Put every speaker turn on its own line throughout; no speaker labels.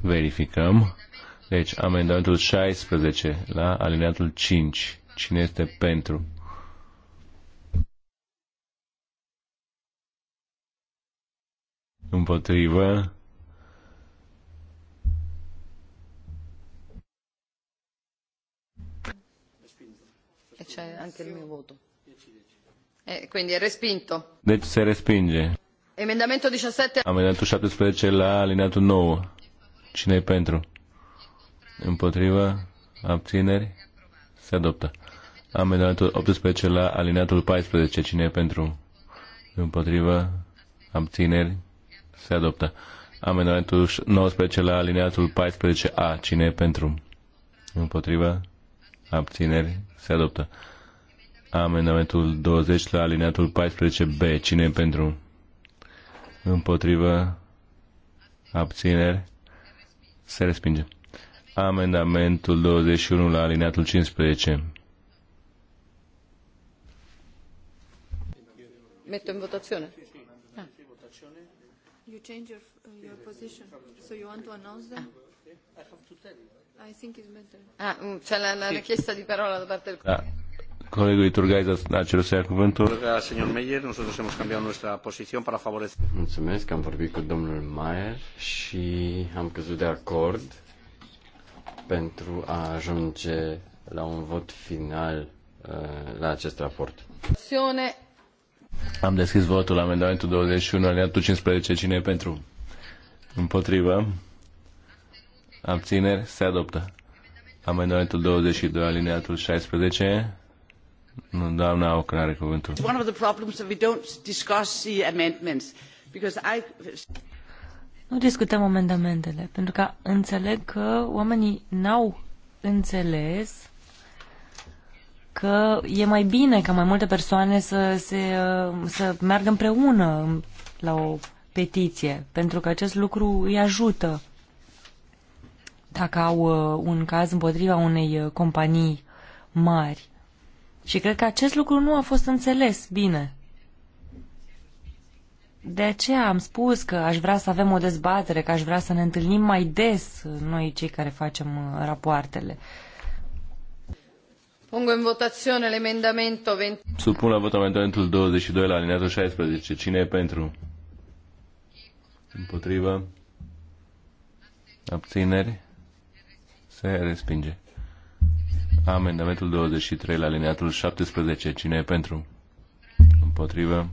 verificăm. Deci, amendamentul 16 la alineatul 5. Cine este pentru? Împotrivă.
c'è anche il mio voto. Eh, quindi è respinto.
Deci se respinge.
Emendamento 17.
Amendamentul 17 la alineatul 9 cine e pentru? Împotrivă? Abțineri? Se adoptă. Amendamentul 18 la alineatul 14. Cine e pentru? Împotrivă? Abțineri? Se adoptă. Amendamentul 19 la alineatul 14a. Cine e pentru? Împotrivă? Abțineri? Se adoptă. Amendamentul 20 la alineatul 14b. Cine e pentru? Împotrivă? Abțineri? Se respinge. Amendamentul 21 la alineatul 15.
Mettem votazione? Ah. You change your, uh, your position, so you want to announce them? Ah, I think it's better. Ah, mm, c'è la, la richiesta di parola da parte del...
Ah Colegul Iturgaiz a cerut să ia cuvântul.
Mulțumesc, am vorbit cu domnul Mayer și am căzut de acord pentru a ajunge la un vot final uh, la acest raport.
Am deschis votul la amendamentul 21, aliatul 15. Cine e pentru? Împotrivă? Abțineri? Se adoptă. Amendamentul 22, alineatul 16. Doamna Ocă are cuvântul.
One of the problems that we don't discuss the amendments because I
nu discutăm amendamentele, pentru că înțeleg că oamenii n-au înțeles că e mai bine ca mai multe persoane să, se, să meargă împreună la o petiție, pentru că acest lucru îi ajută dacă au uh, un caz împotriva unei uh, companii mari. Și cred că acest lucru nu a fost înțeles bine. De aceea am spus că aș vrea să avem o dezbatere, că aș vrea să ne întâlnim mai des noi cei care facem uh, rapoartele.
Pongo in votazione l'emendamento 20.
Supun la vot amendamentul 22 la alineatul 16. Cine e pentru? Împotrivă? Abțineri? Se respinge. Amendamentul 23 la alineatul 17. Cine e pentru? Împotrivă?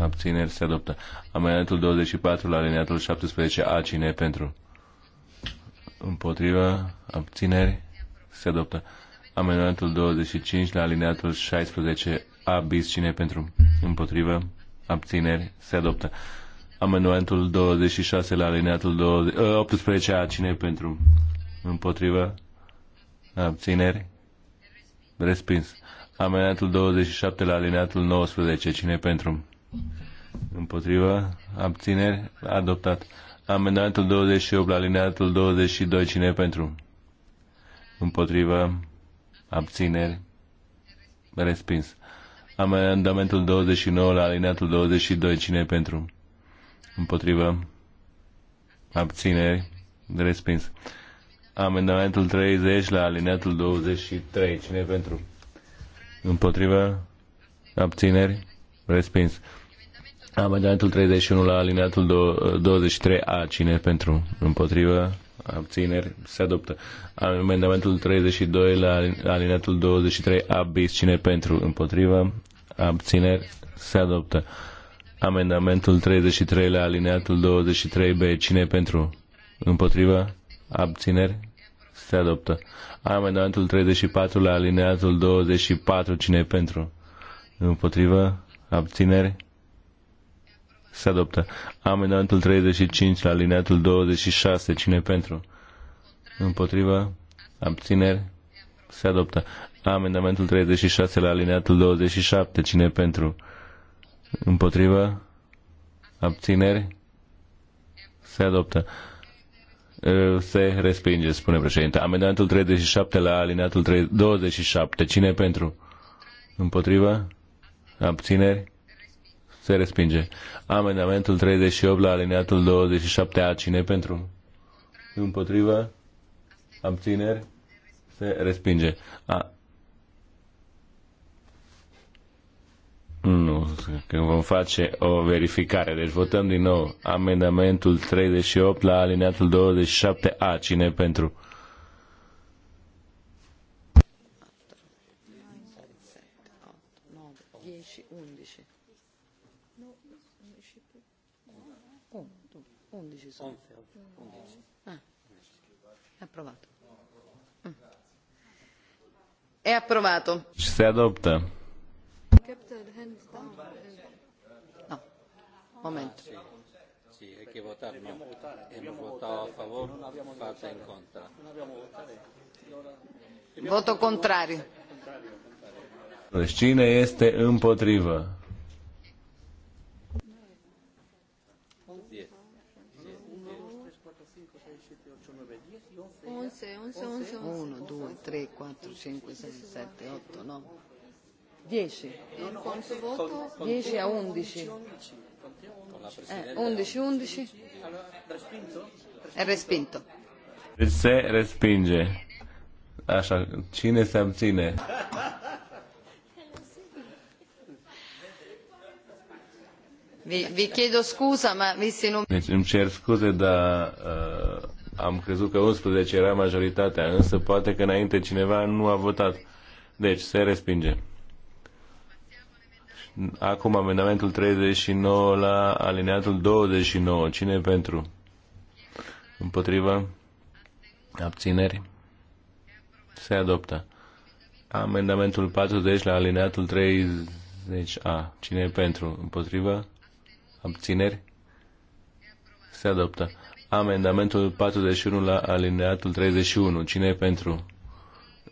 Abțineri se adoptă. Amendamentul 24 la alineatul 17. A. Cine e pentru? Împotrivă? Abțineri se adoptă. Amendamentul 25 la alineatul 16. A. Bis. Cine e pentru? Împotrivă? Abțineri se adoptă. Amendamentul 26 la alineatul 20, 18. Ă, A. Cine e pentru? Împotrivă? Abțineri Respins. Amendamentul 27 la alineatul 19. Cine pentru? Împotrivă. Abțineri. Adoptat. Amendamentul 28 la alineatul 22. Cine pentru? Împotrivă. Abțineri. Respins. Amendamentul 29 la alineatul 22. Cine pentru? Împotrivă. Abțineri. Respins amendamentul 30 la alineatul 23. Cine pentru? Împotrivă? Abțineri? Respins. Amendamentul 31 la alineatul 23A. Cine pentru? Împotrivă? Abțineri? Se adoptă. Amendamentul 32 la alineatul 23A bis. Cine pentru? Împotrivă? Abțineri? Se adoptă. Amendamentul 33 la alineatul 23B. Cine pentru? Împotrivă? abțineri, se adoptă. Amendamentul 34 la alineatul 24, cine e pentru? Împotrivă, abțineri, se adoptă. Amendamentul 35 la alineatul 26, cine e pentru? Împotrivă, abțineri, se adoptă. Amendamentul 36 la alineatul 27, cine e pentru? Împotrivă, abțineri, se adoptă. Uh, se respinge, spune președinte. Amendamentul 37 la alineatul 27. Cine pentru? Împotriva? Abțineri? Se respinge. Amendamentul 38 la alineatul 27A. Cine pentru? Împotriva? Abțineri? Se respinge. A, când vom face o verificare. Deci votăm din nou amendamentul 38 la alineatul 27A. Cine pentru?
Ah. Approvato. Mm. E approvato.
Se adoptă.
Momento. Ah, da? sì. sì, è che votare no. a favore, in Voto contrario.
Deci, cine este împotrivă?
Once, once, once, once. 1, 2,
3, 4, 5, 6, 7, 8, 10. voto? 10 a 11.
11, 11. Eh, respinto?
respinto.
Deci se respinge. Așa, cine se abține?
Vi, vi chiedo scusa, ma vi se non...
Deci îmi cer scuze, dar uh, am crezut că 11 era majoritatea, însă poate că înainte cineva nu a votat. Deci se respinge. Acum amendamentul 39 la alineatul 29. Cine e pentru? Împotrivă? Abțineri? Se adoptă. Amendamentul 40 la alineatul 30A. Cine e pentru? Împotrivă? Abțineri? Se adoptă. Amendamentul 41 la alineatul 31. Cine e pentru?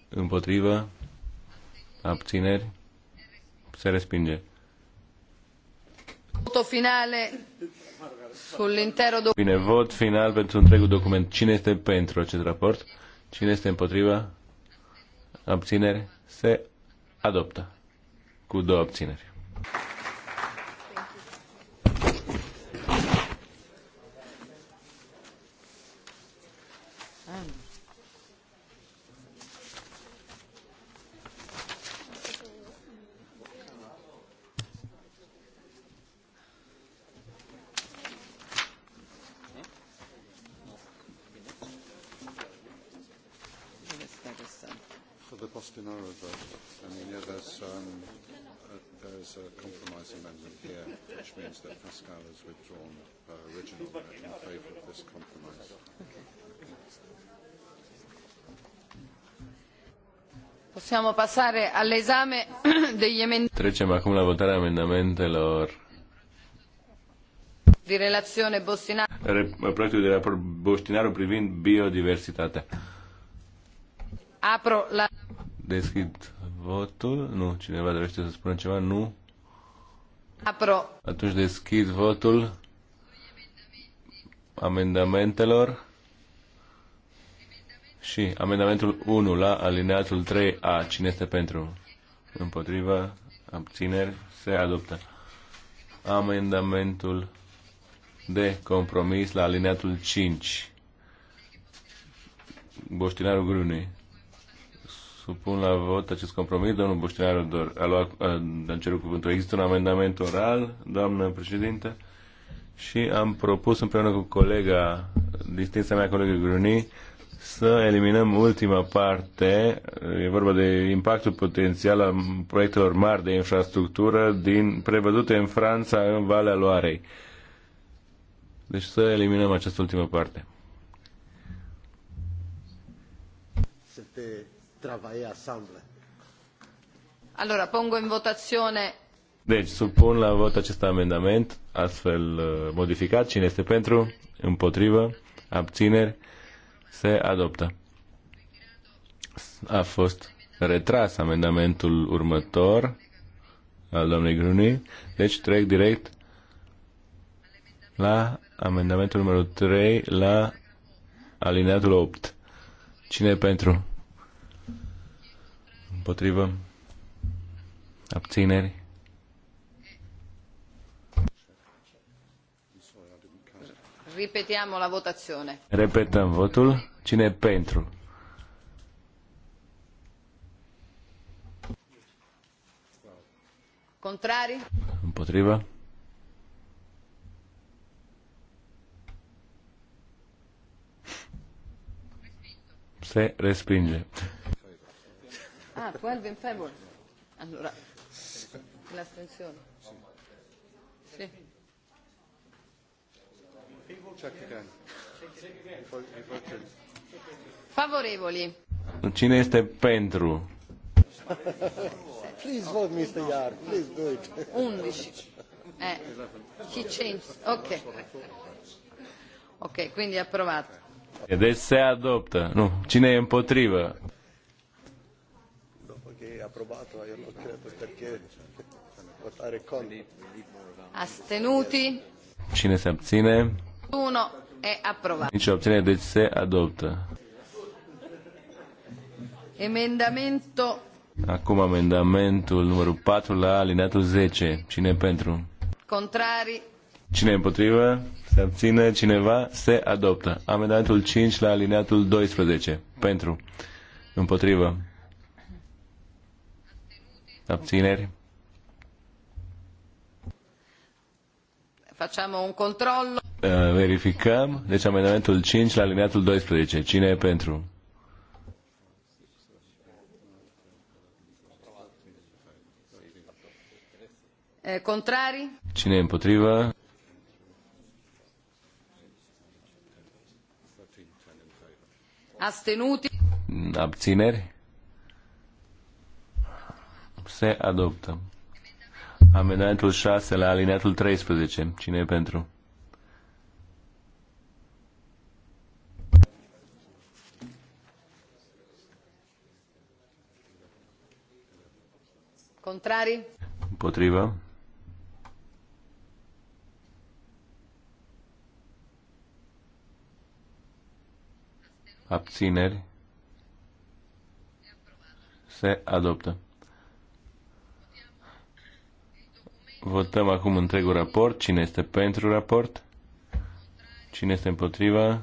Împotrivă? Abțineri? Se respinge. Bine, vot final pentru întregul document. Cine este pentru acest raport? Cine este împotriva? Abțineri? Se adoptă. Cu două abțineri.
means that Pascal has withdrawn her original vote in favour of this compromise.
Possiamo passare all'esame degli emendamenti.
Trecem acum la votarea amendamentelor
di relazione Bostinaru.
Proiectul de raport Bostinaru privind biodiversitatea.
Apro la...
Deschid votul. Nu, cineva dorește să spună ceva? Nu. Apro. Atunci deschid votul amendamentelor și amendamentul 1 la alineatul 3A. Cine este pentru? Împotriva? Abțineri? Se adoptă. Amendamentul de compromis la alineatul 5. Boștinarul Grune supun la vot acest compromis. Domnul Buștinaru a, luat, a cerut cuvântul. Există un amendament oral, doamnă președinte, și am propus împreună cu colega, distința mea colegă Gruni, să eliminăm ultima parte, e vorba de impactul potențial al proiectelor mari de infrastructură din, prevăzute în Franța în Valea Loarei. Deci să eliminăm această ultimă parte.
Allora, pongo in votazione...
Deci, supun la vot acest amendament, astfel uh, modificat. Cine este pentru? Împotrivă? Abțineri? Se adoptă. A fost retras amendamentul următor al domnului Gruni. Deci trec direct la amendamentul numărul 3, la alineatul 8. Cine e pentru? Împotrivă? Abțineri?
Ripetiamo la votazione.
Repetăm votul. Cine e pentru?
Contrari?
Împotrivă? Se respinge.
Ah, 12 in favor. Allora, l'astensione. Sì. Favorevoli.
Cine este pentru?
Please vote, Mr. Yard. Please do it. 11. Eh, he changed. Ok. Ok, quindi approvato.
Deci se adoptă. Nu. Cine e potriva?
approvato, io non credo perché votare contro.
Astenuti?
Cine se abține?
Uno e approvato. Nici abține,
deci se adoptă.
Emendamento.
Acum amendamentul numărul 4 la alineatul 10. Cine pentru?
Contrari.
Cine împotrivă? Se abține cineva? Se adoptă. Amendamentul 5 la alineatul 12. Pentru. Împotrivă. Abțineri?
Facciamo un controllo.
Eh, verificăm. Deci amendamentul 5 la alineatul 12. Cine e pentru?
Eh, contrari?
Cine e împotrivă?
Astenuti?
Abțineri? se adoptă. Amendamentul 6 la alineatul 13. Cine e pentru?
Contrari?
Împotrivă. Abțineri? Se adoptă. Votăm acum întregul raport. Cine este pentru raport? Cine este împotriva?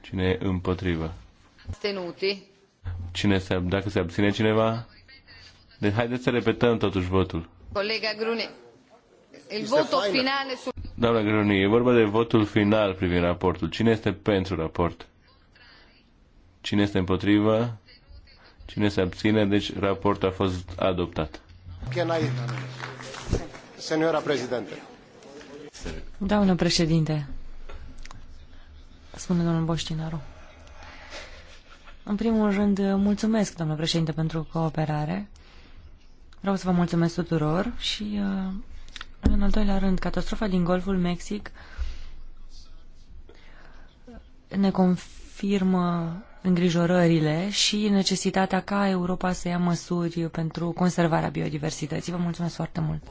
Cine e împotriva?
Stenuti.
Cine se, dacă se abține cineva? Deci haideți să repetăm totuși votul.
Colega Grune, il voto finale su...
Doamna Gruni, e vorba de votul final privind raportul. Cine este pentru raport? Cine este împotriva? Cine se abține? Deci raportul a fost adoptat
președinte.
Doamnă președinte, spune domnul Boștinaru. În primul rând, mulțumesc, domnule președinte, pentru cooperare. Vreau să vă mulțumesc tuturor și, uh, în al doilea rând, catastrofa din Golful Mexic ne confirmă îngrijorările și necesitatea ca Europa să ia măsuri pentru conservarea biodiversității. Vă mulțumesc foarte mult!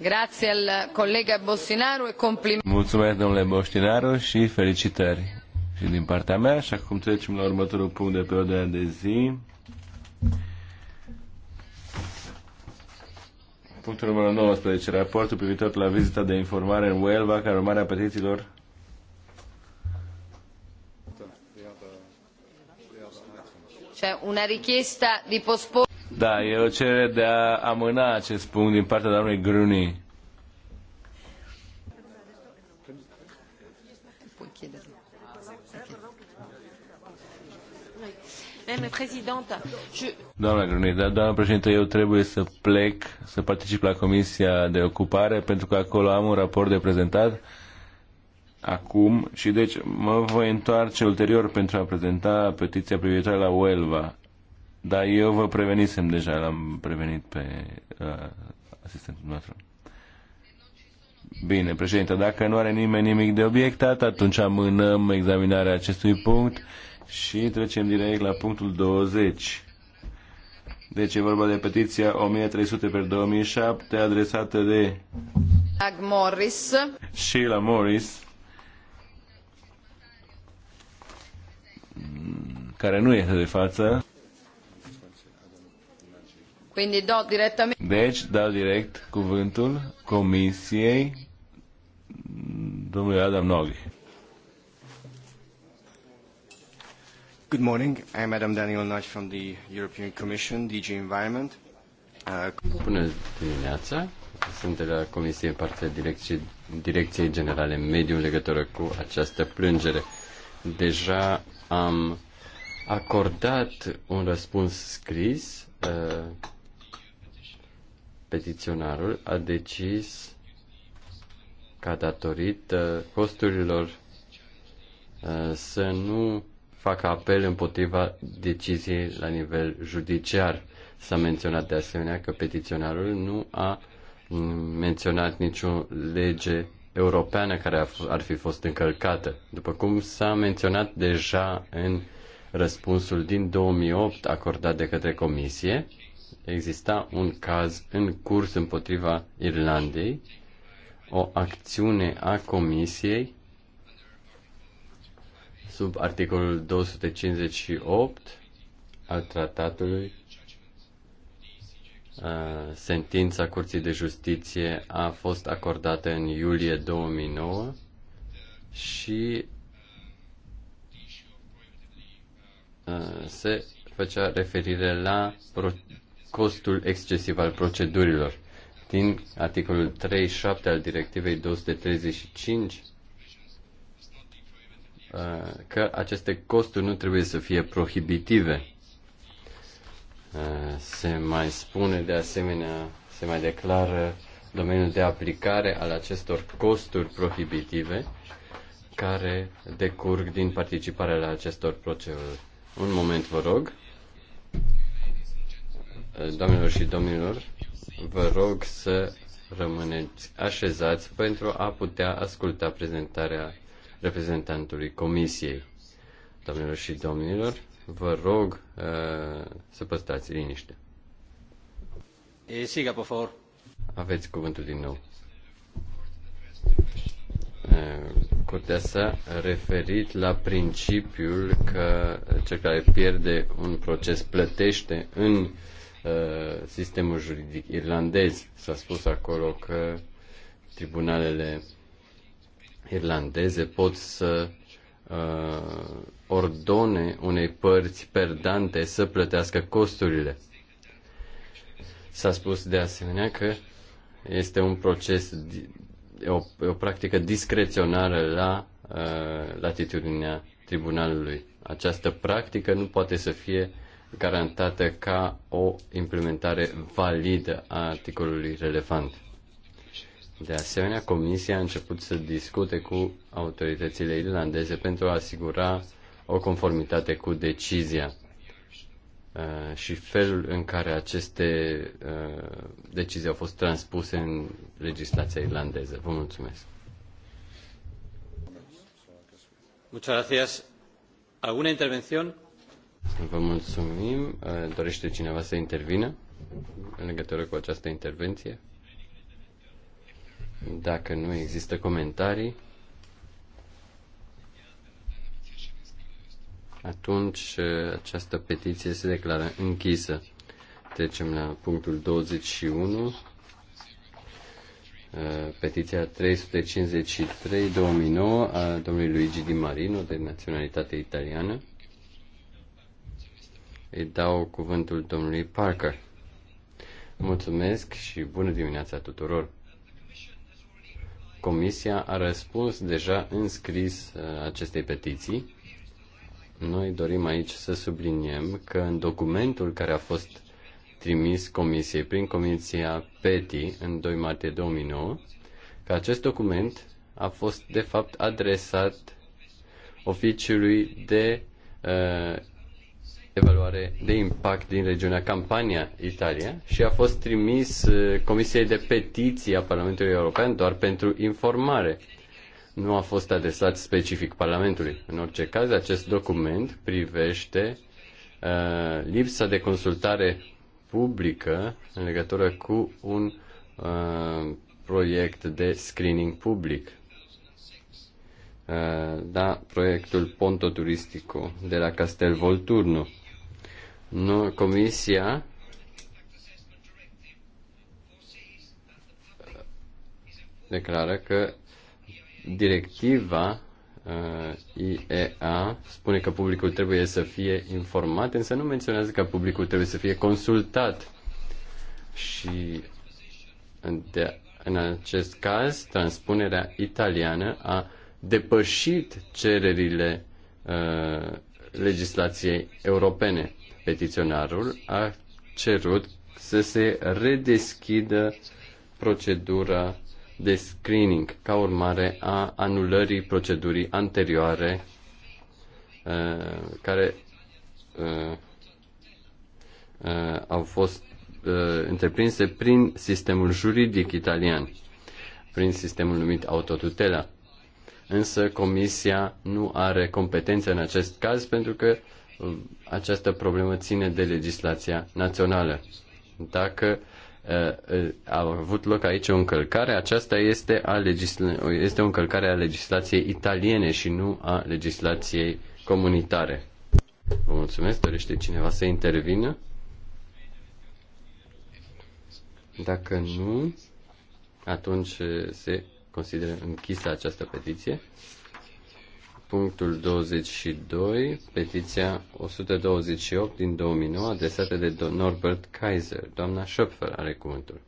Grazie al colega Bostinaru e complimenti.
Mulțumesc, domnule Bostinaru, și felicitări și din partea mea. Și acum trecem la următorul punct de pe ordinea de zi. Punctul numărul 19. Raportul privitor la vizita de informare în Huelva, care urmare a petițiilor
C'è una richiesta di posporre.
Da, e o cerere de a amâna acest punct din partea doamnei Gruni. Doamna Gruni, da, doamna președinte, eu trebuie să plec, să particip la Comisia de Ocupare, pentru că acolo am un raport de prezentat acum și deci mă voi întoarce ulterior pentru a prezenta petiția privitoare la Uelva. Dar eu vă prevenisem deja, l-am prevenit pe uh, asistentul nostru. Bine, președinte, dacă nu are nimeni nimic de obiectat, atunci amânăm examinarea acestui punct și trecem direct la punctul 20. Deci e vorba de petiția 1300 pe 2007 adresată de
Ag Morris.
Sheila Morris care nu este de față. Deci dau direct cuvântul Comisiei domnului Adam Noghi.
Good morning. I'm Adam Daniel Nagy from the European Commission, DG Environment. Uh, Bună dimineața. Sunt de la Comisie în partea direcției, direcției Generale Mediu în legătură cu această plângere. Deja am acordat un răspuns scris. Uh, petiționarul a decis ca datorită costurilor uh, să nu facă apel împotriva deciziei la nivel judiciar. S-a menționat de asemenea că petiționarul nu a menționat nicio lege europeană care ar fi fost încălcată. După cum s-a menționat deja în răspunsul din 2008 acordat de către Comisie, exista un caz în curs împotriva Irlandei, o acțiune a Comisiei sub articolul 258 al tratatului Uh, sentința Curții de Justiție a fost acordată în iulie 2009 și uh, se făcea referire la costul excesiv al procedurilor. Din articolul 37 al directivei 235 uh, că aceste costuri nu trebuie să fie prohibitive Eh, se mai spune de asemenea, se mai declară domeniul de aplicare al acestor costuri prohibitive care decurg din participarea la acestor proceduri. Un moment, vă rog. Eh, doamnelor și domnilor, vă rog să rămâneți așezați pentru a putea asculta prezentarea reprezentantului Comisiei. Doamnelor și domnilor, Vă rog uh, să păstrați liniște.
Siga, por favor.
Aveți cuvântul din nou. Uh, curtea s-a referit la principiul că cel care pierde un proces plătește în uh, sistemul juridic irlandez. S-a spus acolo că tribunalele irlandeze pot să uh, ordone unei părți perdante să plătească costurile. S-a spus de asemenea că este un proces, o, o practică discreționară la uh, latitudinea tribunalului. Această practică nu poate să fie garantată ca o implementare validă a articolului relevant. De asemenea, Comisia a început să discute cu autoritățile irlandeze pentru a asigura o conformitate cu decizia uh, și felul în care aceste uh, decizii au fost transpuse în legislația irlandeză. Vă mulțumesc.
¿Alguna intervención?
Vă mulțumim. Uh, dorește cineva să intervină în legătură cu această intervenție? Dacă nu există comentarii, Atunci eh, această petiție se declară închisă. Trecem la punctul 21. Eh, petiția 353-2009 a domnului Luigi Di Marino, de naționalitate italiană. Îi dau cuvântul domnului Parker. Mulțumesc și bună dimineața tuturor! Comisia a răspuns deja în scris eh, acestei petiții noi dorim aici să subliniem că în documentul care a fost trimis Comisiei prin Comisia PETI în 2 martie 2009, că acest document a fost de fapt adresat oficiului de uh, evaluare de impact din regiunea Campania, Italia, și a fost trimis uh, Comisiei de Petiții a Parlamentului European doar pentru informare nu a fost adresat specific Parlamentului. În orice caz, acest document privește uh, lipsa de consultare publică în legătură cu un uh, proiect de screening public. Uh, da, proiectul Ponto Turistico de la Castel Volturno. No, comisia declară că Directiva uh, IEA spune că publicul trebuie să fie informat, însă nu menționează că publicul trebuie să fie consultat. Și de, în acest caz, transpunerea italiană a depășit cererile uh, legislației europene. Petiționarul a cerut să se redeschidă procedura de screening ca urmare a anulării procedurii anterioare uh, care uh, uh, au fost întreprinse prin sistemul juridic italian, prin sistemul numit autotutela. Însă Comisia nu are competență în acest caz pentru că această problemă ține de legislația națională. Dacă uh, Uh, uh, a avut loc aici o încălcare, aceasta este, a legisla- este o încălcare a legislației italiene și nu a legislației comunitare. Vă mulțumesc, dorește cineva să intervină? Dacă nu, atunci uh, se consideră închisă această petiție punctul 22, petiția 128 din 2009, adresată de Norbert Kaiser. Doamna Schöpfer are cuvântul.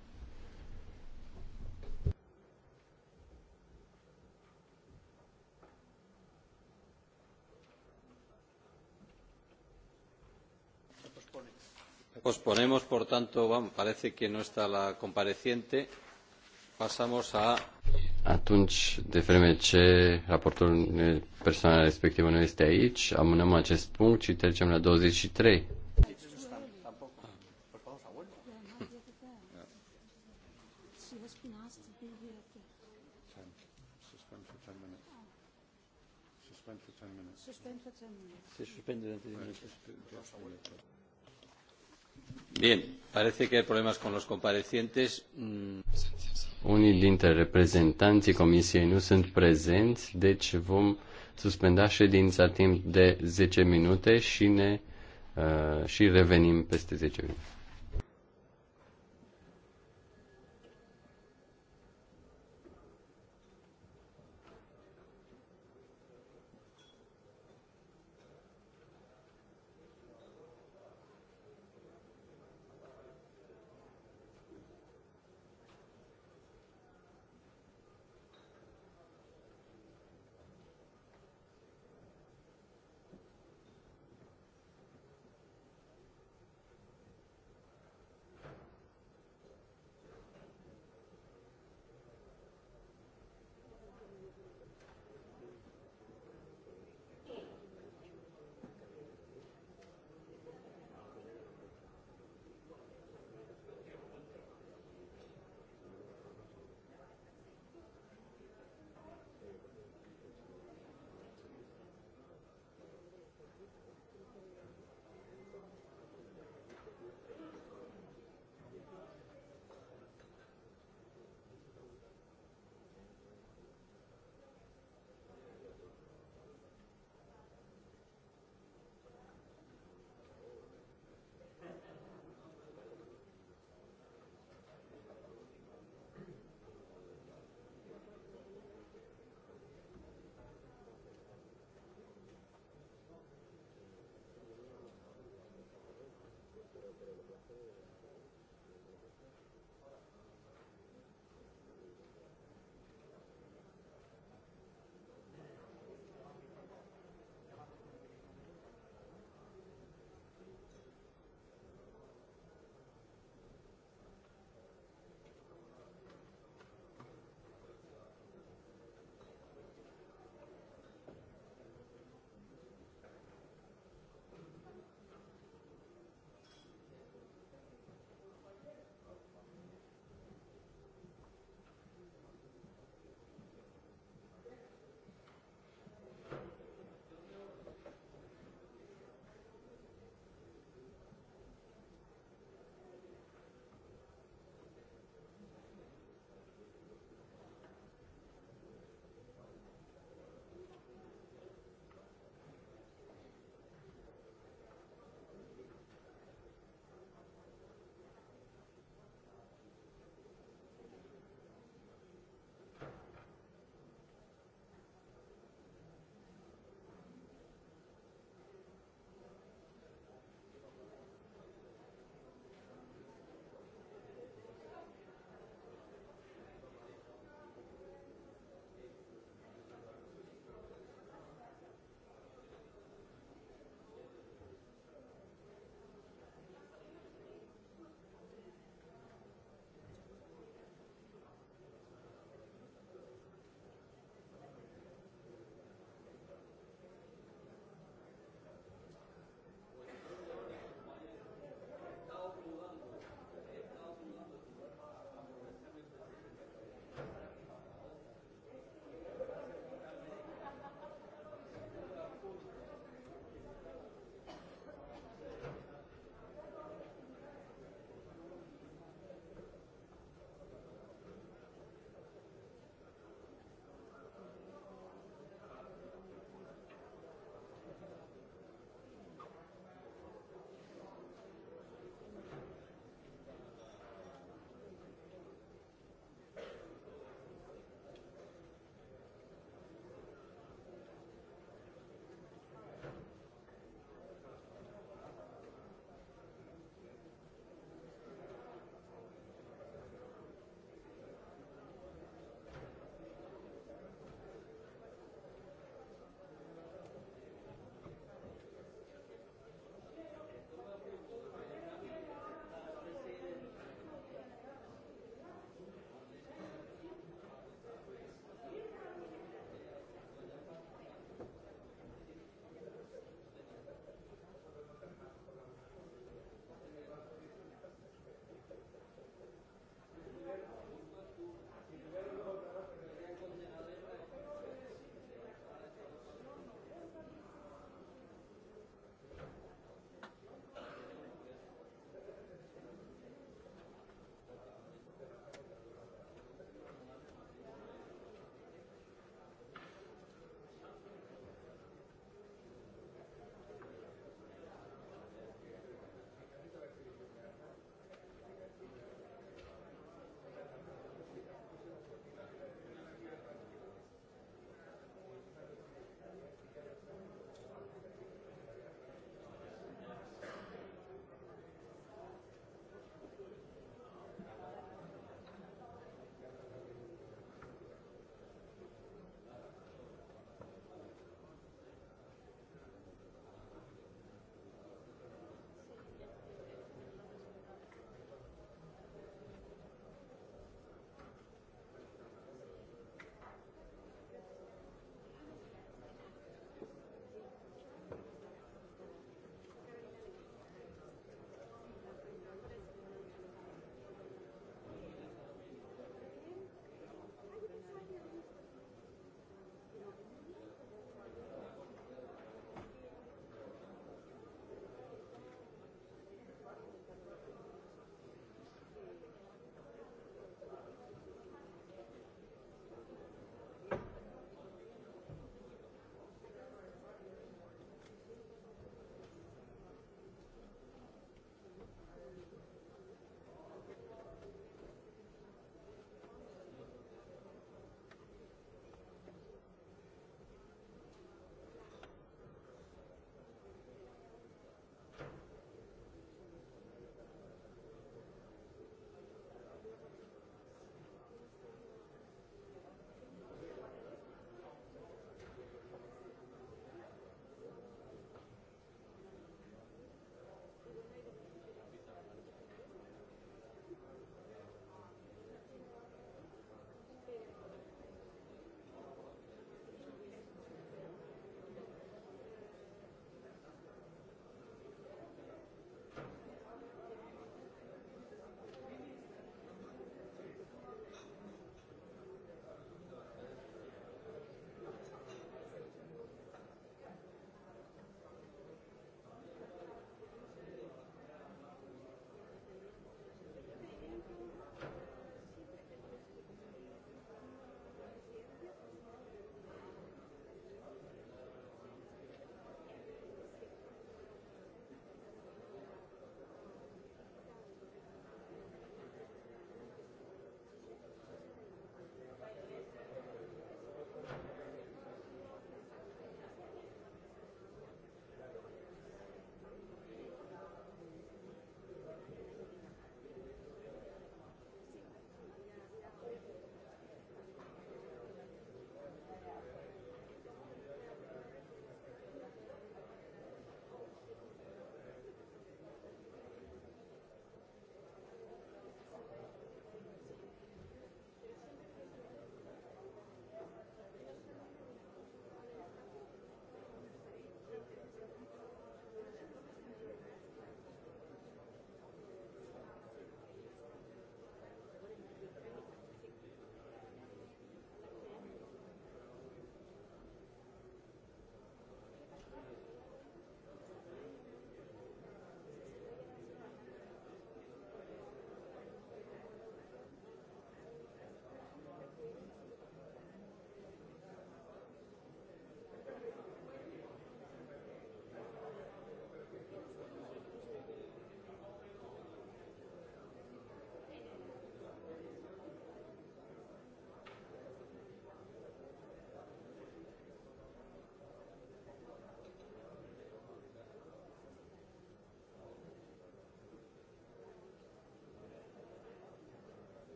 posponemos por tanto vamos, parece que no está la compareciente pasamos a
atunci, de vreme ce raportul personal respectiv nu este aici, amânăm acest punct și trecem la 23.
Bien, parece que hay problemas con los comparecientes. Mm.
Unii dintre reprezentanții comisiei nu sunt prezenți, deci vom suspenda ședința timp de 10 minute și ne uh, și revenim peste 10 minute.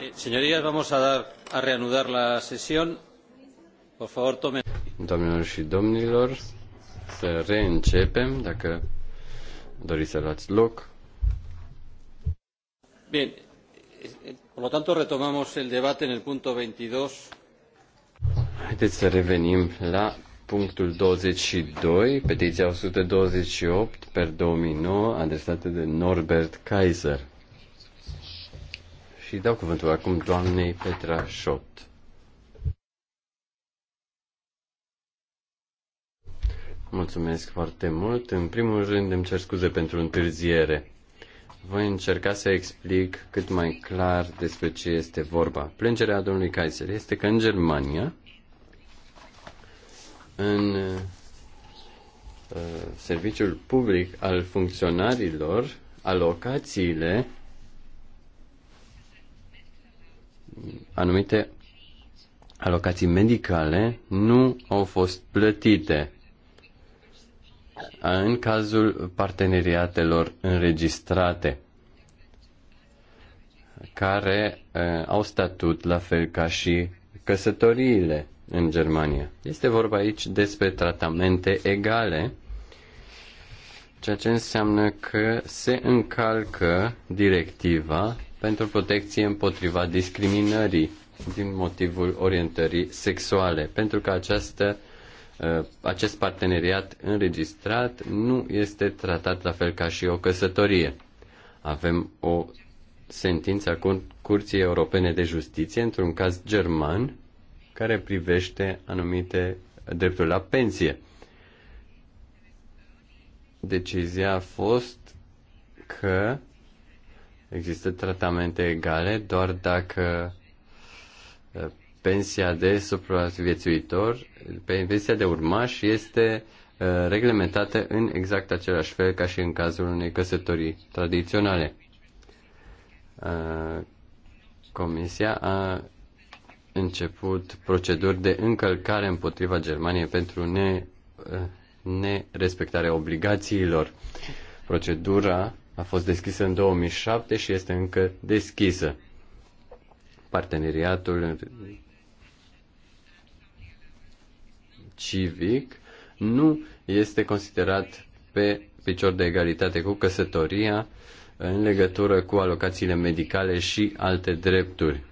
Eh, señorías, vamos a, dar, a reanudar la sesión. Por favor, tomen.
Doamnelor și domnilor, să reîncepem, dacă doriți să luați loc.
Bien, eh, por lo tanto retomamos el debate en el punto 22.
Haideți să revenim la punctul 22, petiția 128 per 2009, adresată de Norbert Kaiser și dau cuvântul acum doamnei Petra Șot. Mulțumesc foarte mult. În primul rând îmi cer scuze pentru întârziere. Voi încerca să explic cât mai clar despre ce este vorba. Plângerea domnului Kaiser este că în Germania, în uh, serviciul public al funcționarilor, alocațiile anumite alocații medicale nu au fost plătite în cazul parteneriatelor înregistrate care uh, au statut la fel ca și căsătoriile în Germania. Este vorba aici despre tratamente egale, ceea ce înseamnă că se încalcă directiva pentru protecție împotriva discriminării din motivul orientării sexuale, pentru că această, uh, acest parteneriat înregistrat nu este tratat la fel ca și o căsătorie. Avem o sentință a Curții Europene de Justiție într-un caz german care privește anumite drepturi la pensie. Decizia a fost că există tratamente egale doar dacă uh, pensia de supraviețuitor, pensia de urmaș este uh, reglementată în exact același fel ca și în cazul unei căsătorii tradiționale. Uh, Comisia a început proceduri de încălcare împotriva Germaniei pentru ne, nerespectarea obligațiilor. Procedura a fost deschisă în 2007 și este încă deschisă. Parteneriatul civic nu este considerat pe picior de egalitate cu căsătoria în legătură cu alocațiile medicale și alte drepturi.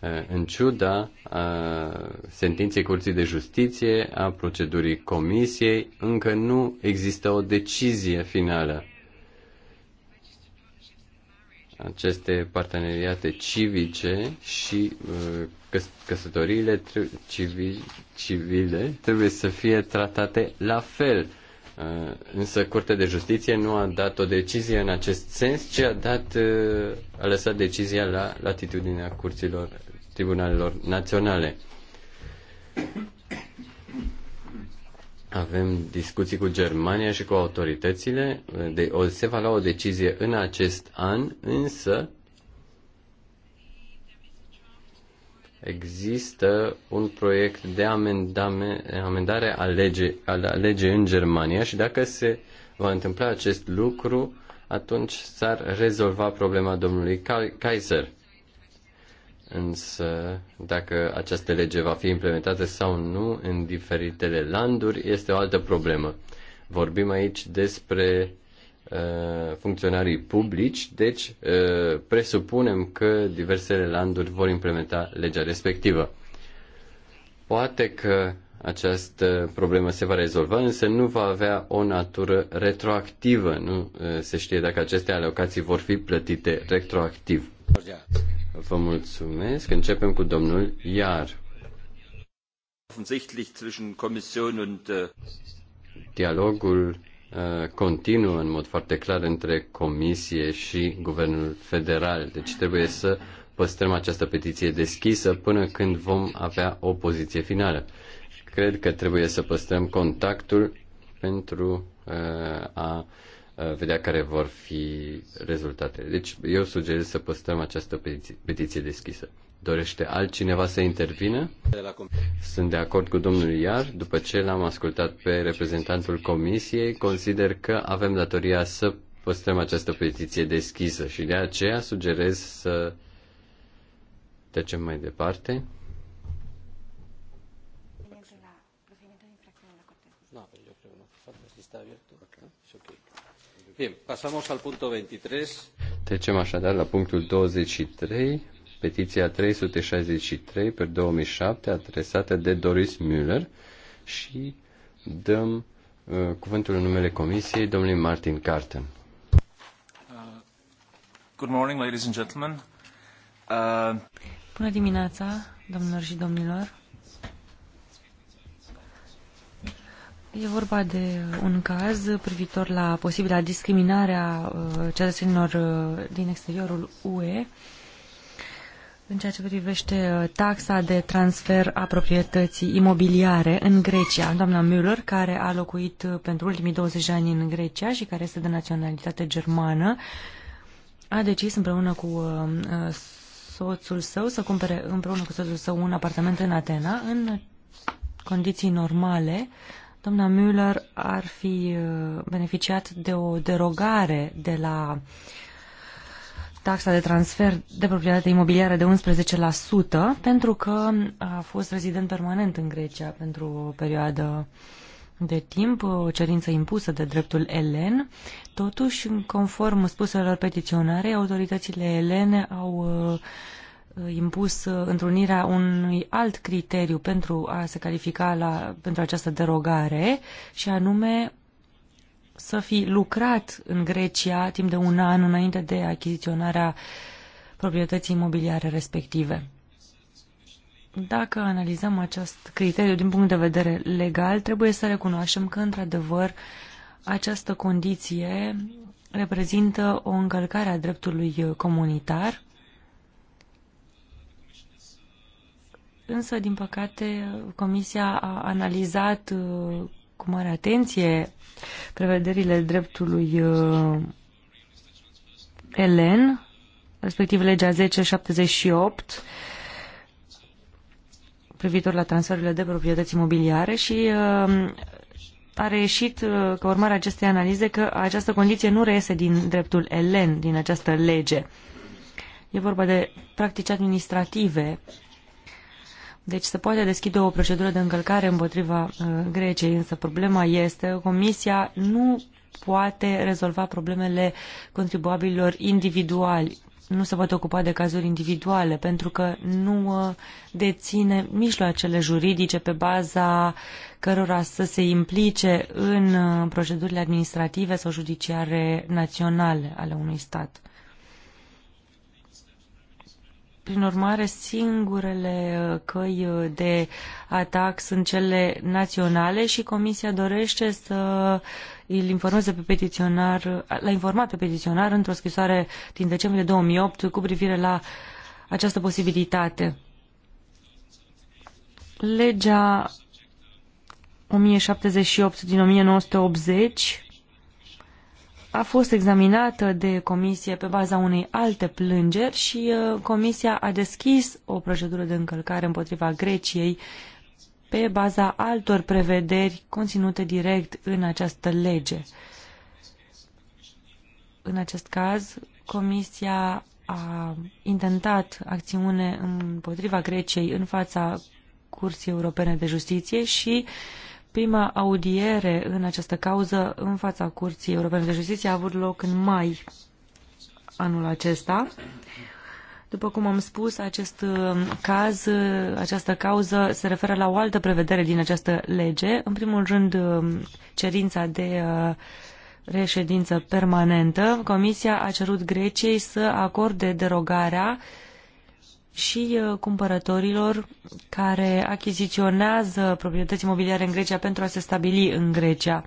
Eh, în ciuda eh, sentinței Curții de Justiție, a procedurii Comisiei, încă nu există o decizie finală. Aceste parteneriate civice și eh, căs- căsătoriile civile trebuie să fie tratate la fel Uh, însă Curtea de Justiție nu a dat o decizie în acest sens, ci a, dat, uh, a lăsat decizia la latitudinea curților tribunalelor naționale. Avem discuții cu Germania și cu autoritățile. De, o, se va lua o decizie în acest an, însă există un proiect de amendame, amendare a legii a lege în Germania și dacă se va întâmpla acest lucru, atunci s-ar rezolva problema domnului Kaiser. Însă, dacă această lege va fi implementată sau nu în diferitele landuri, este o altă problemă. Vorbim aici despre Uh, funcționarii publici, deci uh, presupunem că diversele landuri vor implementa legea respectivă. Poate că această problemă se va rezolva, însă nu va avea o natură retroactivă. Nu uh, se știe dacă aceste alocații vor fi plătite retroactiv. Vă mulțumesc. Începem cu domnul Iar. Dialogul Uh, continuă în mod foarte clar între Comisie și Guvernul Federal. Deci trebuie să păstrăm această petiție deschisă până când vom avea o poziție finală. Cred că trebuie să păstrăm contactul pentru uh, a uh, vedea care vor fi rezultatele. Deci eu sugerez să păstrăm această petiție deschisă. Dorește altcineva să intervină? Sunt de acord cu domnul Iar. După ce l-am ascultat pe reprezentantul comisiei, consider că avem datoria să păstrăm această petiție deschisă și de aceea sugerez să trecem mai departe.
23.
Trecem așadar la punctul 23, petiția 363 pe 2007 adresată de Doris Müller și dăm uh, cuvântul în numele comisiei domnului Martin Carten.
Uh, good morning, ladies and gentlemen.
Uh...
Bună dimineața, domnilor și domnilor. E vorba de un caz privitor la posibila discriminarea uh, cetățenilor uh, din exteriorul UE în ceea ce privește uh, taxa de transfer a proprietății imobiliare în Grecia, doamna Müller, care a locuit uh, pentru ultimii 20 de ani în Grecia și care este de naționalitate germană, a decis împreună cu uh, soțul său să cumpere împreună cu soțul său un apartament în Atena. În condiții normale, doamna Müller ar fi beneficiat de o derogare de la uh, taxa de transfer de proprietate imobiliară de 11% pentru că a fost rezident permanent în Grecia pentru o perioadă de timp, o cerință impusă de dreptul elen. Totuși, conform spuselor petiționare, autoritățile elene au uh, impus întrunirea unui alt criteriu pentru a se califica la, pentru această derogare și anume să fi lucrat în Grecia timp de un an înainte de achiziționarea proprietății imobiliare respective. Dacă analizăm acest criteriu din punct de vedere legal, trebuie să recunoaștem că, într-adevăr, această condiție reprezintă o încălcare a dreptului comunitar, însă, din păcate, Comisia a analizat uh, cu mare atenție prevederile dreptului uh, Elen, respectiv legea 1078, privitor la transferurile de proprietăți imobiliare și uh, a reieșit uh, că urmare acestei analize că această condiție nu reiese din dreptul elen, din această lege. E vorba de practici administrative deci se poate deschide o procedură de încălcare împotriva uh, Greciei, însă problema este Comisia nu poate rezolva problemele contribuabililor individuali. Nu se poate ocupa de cazuri individuale pentru că nu uh, deține mijloacele juridice pe baza cărora să se implice în uh, procedurile administrative sau judiciare naționale ale unui stat. Prin urmare, singurele uh, căi uh, de atac sunt cele naționale și Comisia dorește să îl informeze pe petiționar, uh, l-a informat pe petiționar într-o scrisoare din decembrie 2008 cu privire la această posibilitate. Legea 1078 din 1980 a fost examinată de comisie pe baza unei alte plângeri și uh, comisia a deschis o procedură de încălcare împotriva Greciei pe baza altor prevederi conținute direct în această lege. În acest caz, comisia a intentat acțiune împotriva Greciei în fața Curții Europene de Justiție și uh, prima audiere în această cauză în fața Curții Europene de Justiție a avut loc în mai anul acesta. După cum am spus, acest uh, caz, uh, această cauză se referă la o altă prevedere din această lege. În primul rând, uh, cerința de reședință permanentă. Comisia a cerut Greciei să acorde derogarea uh, și uh, cumpărătorilor care achiziționează proprietăți imobiliare în Grecia pentru a se stabili în Grecia.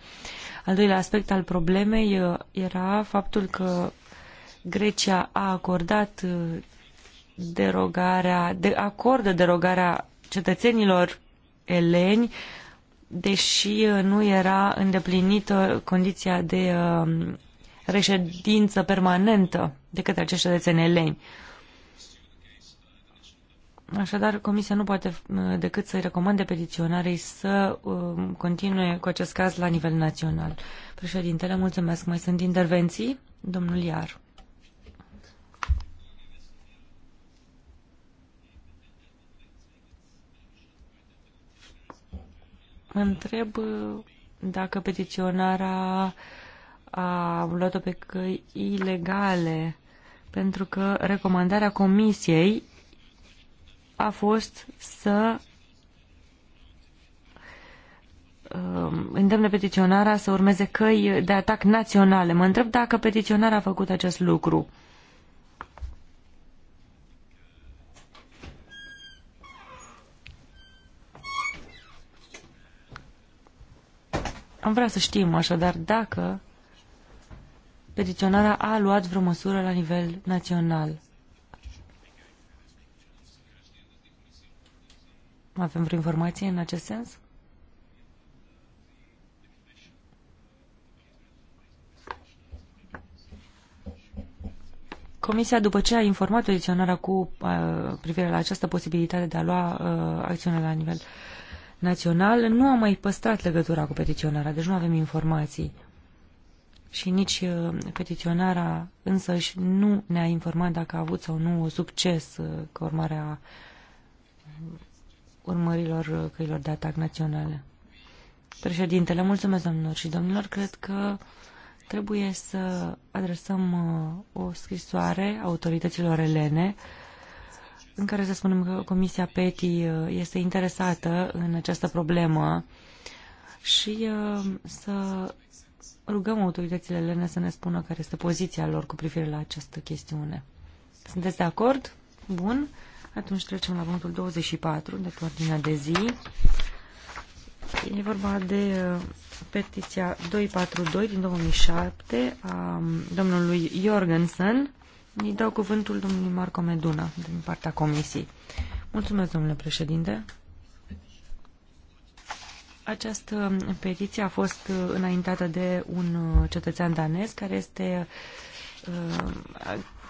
Al doilea aspect al problemei uh, era faptul că Grecia a acordat uh, derogarea, de, acordă derogarea cetățenilor eleni, deși nu era îndeplinită condiția de reședință permanentă de către acești cetățeni eleni. Așadar, Comisia nu poate uh, decât să-i recomande petiționarei să uh, continue cu acest caz la nivel național. Președintele, mulțumesc. Mai sunt intervenții? Domnul Iar. Mă întreb uh, dacă petiționara a luat-o pe căi ilegale, pentru că recomandarea comisiei a fost să um, îndemne petiționarea să urmeze căi de atac naționale. Mă întreb dacă petiționarea a făcut acest lucru. Am vrea să știm așadar dacă petiționarea a luat vreo măsură la nivel național. Avem vreo informație în acest sens? Comisia, după ce a informat poziționarea cu uh, privire la această posibilitate de a lua uh, acțiune la nivel național, nu a mai păstrat legătura cu petiționarea, deci nu avem informații. Și nici uh, petiționarea însăși nu ne-a informat dacă a avut sau nu succes uh, ca urmare a urmărilor uh, căilor de atac naționale. Președintele, mulțumesc domnilor și domnilor. Cred că trebuie să adresăm uh, o scrisoare autorităților elene în care să spunem că Comisia PETI uh, este interesată în această problemă și să rugăm autoritățile elene să ne spună care este poziția lor cu privire la această chestiune. Sunteți de acord? Bun. Atunci trecem la punctul 24 de pe ordinea de zi. E vorba de uh, petiția 242 din 2007 a um, domnului Jorgensen. Îi dau cuvântul domnului Marco Meduna din partea comisiei. Mulțumesc, domnule președinte. Această um, petiție a fost uh, înaintată de un uh, cetățean danez care este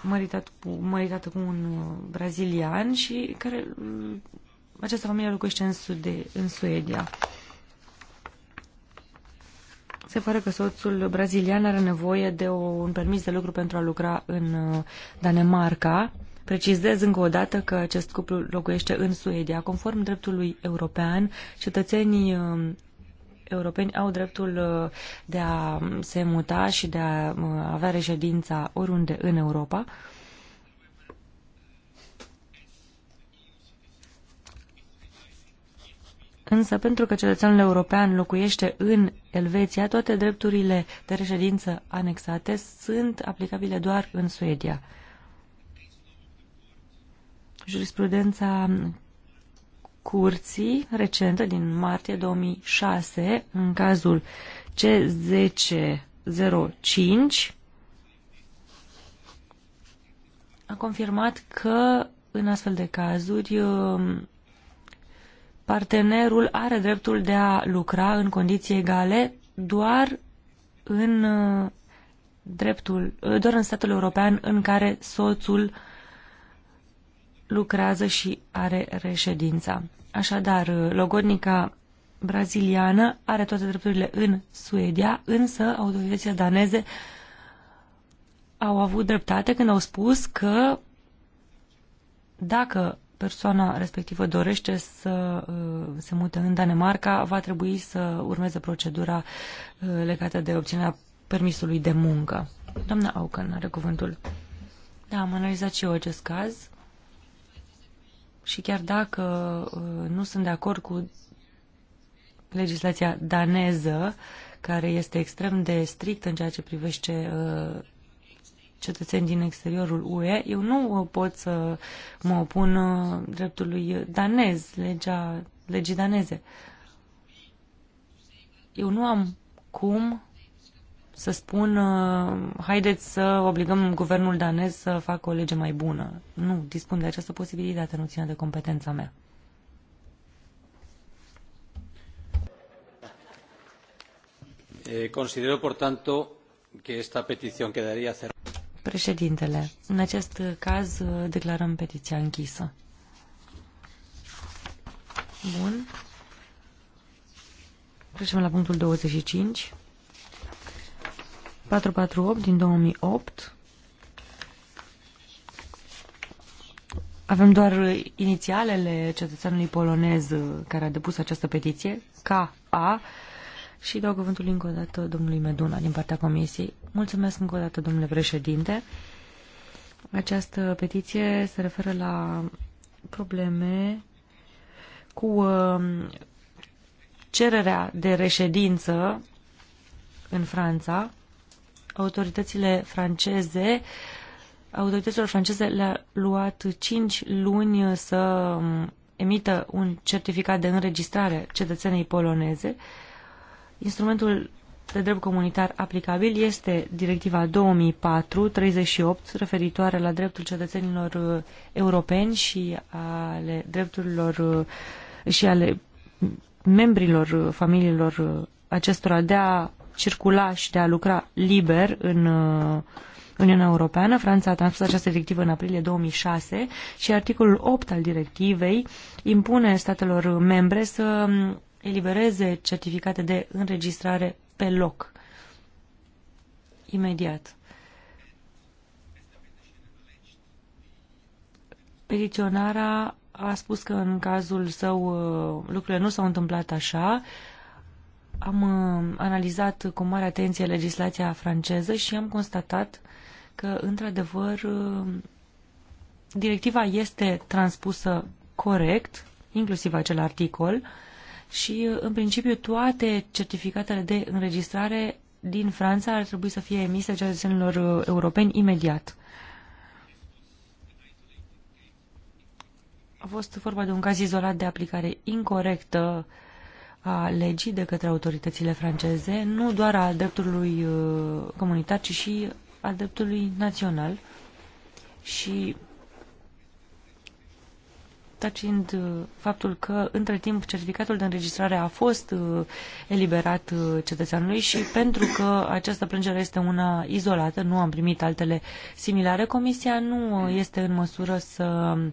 măritat cu, măritată cu un uh, brazilian și care mm, această familie locuiește în, Sude, în Suedia. Se pare că soțul brazilian are nevoie de o, un permis de lucru pentru a lucra în uh, Danemarca. Precizez încă o dată că acest cuplu locuiește în Suedia. Conform dreptului european, cetățenii um, europeni au dreptul uh, de a se muta și de a uh, avea reședința oriunde în Europa. Însă, pentru că cetățeanul european locuiește în Elveția, toate drepturile de reședință anexate sunt aplicabile doar în Suedia. Jurisprudența curții recentă din martie 2006 în cazul C1005 a confirmat că în astfel de cazuri um, partenerul are dreptul de a lucra în condiții egale doar în uh, dreptul, uh, doar în statul european în care soțul lucrează și are reședința. Așadar, logodnica braziliană are toate drepturile în Suedia, însă autoritățile daneze au avut dreptate când au spus că dacă persoana respectivă dorește să uh, se mute în Danemarca, va trebui să urmeze procedura uh, legată de obținerea permisului de muncă. Doamna Aucan are cuvântul. Da, am analizat și eu acest caz și chiar dacă uh, nu sunt de acord cu legislația daneză, care este extrem de strictă în ceea ce privește uh, cetățeni din exteriorul UE, eu nu uh, pot să mă opun dreptului danez, legea, legii daneze. Eu nu am cum să spun uh, haideți să obligăm guvernul danez să facă o lege mai bună. Nu, dispun de această posibilitate, nu ține de competența mea.
Eh, considero, por tanto, că esta petición quedaría cerrada.
Președintele, în acest caz uh, declarăm petiția închisă. Bun. Trecem la punctul 25. 448 din 2008. Avem doar inițialele cetățeanului polonez uh, care a depus această petiție, K.A. Și dau cuvântul încă o dată domnului Meduna din partea comisiei. Mulțumesc încă o dată, domnule președinte. Această petiție se referă la probleme cu uh, cererea de reședință în Franța autoritățile franceze autorităților franceze le-a luat 5 luni să um, emită un certificat de înregistrare cetățenei poloneze. Instrumentul de drept comunitar aplicabil este Directiva 2004-38 referitoare la dreptul cetățenilor uh, europeni și ale drepturilor uh, și ale membrilor uh, familiilor acestora de a circula și de a lucra liber uh, în Uniunea Europeană. Franța a transpus această directivă în aprilie 2006 și articolul 8 al directivei impune statelor membre să um, elibereze certificate de înregistrare pe loc. Imediat. Petiționarea a spus că în cazul său uh, lucrurile nu s-au întâmplat așa, am uh, analizat cu mare atenție legislația franceză și am constatat că, într-adevăr, uh, directiva este transpusă corect, inclusiv acel articol, și, uh, în principiu, toate certificatele de înregistrare din Franța ar trebui să fie emise cetățenilor europeni imediat. A fost vorba de un caz izolat de aplicare incorrectă a legii de către autoritățile franceze, nu doar a dreptului uh, comunitar, ci și a dreptului național. Și tacind uh, faptul că între timp certificatul de înregistrare a fost uh, eliberat cetățeanului și pentru că această plângere este una izolată, nu am primit altele similare, Comisia nu este în măsură să uh,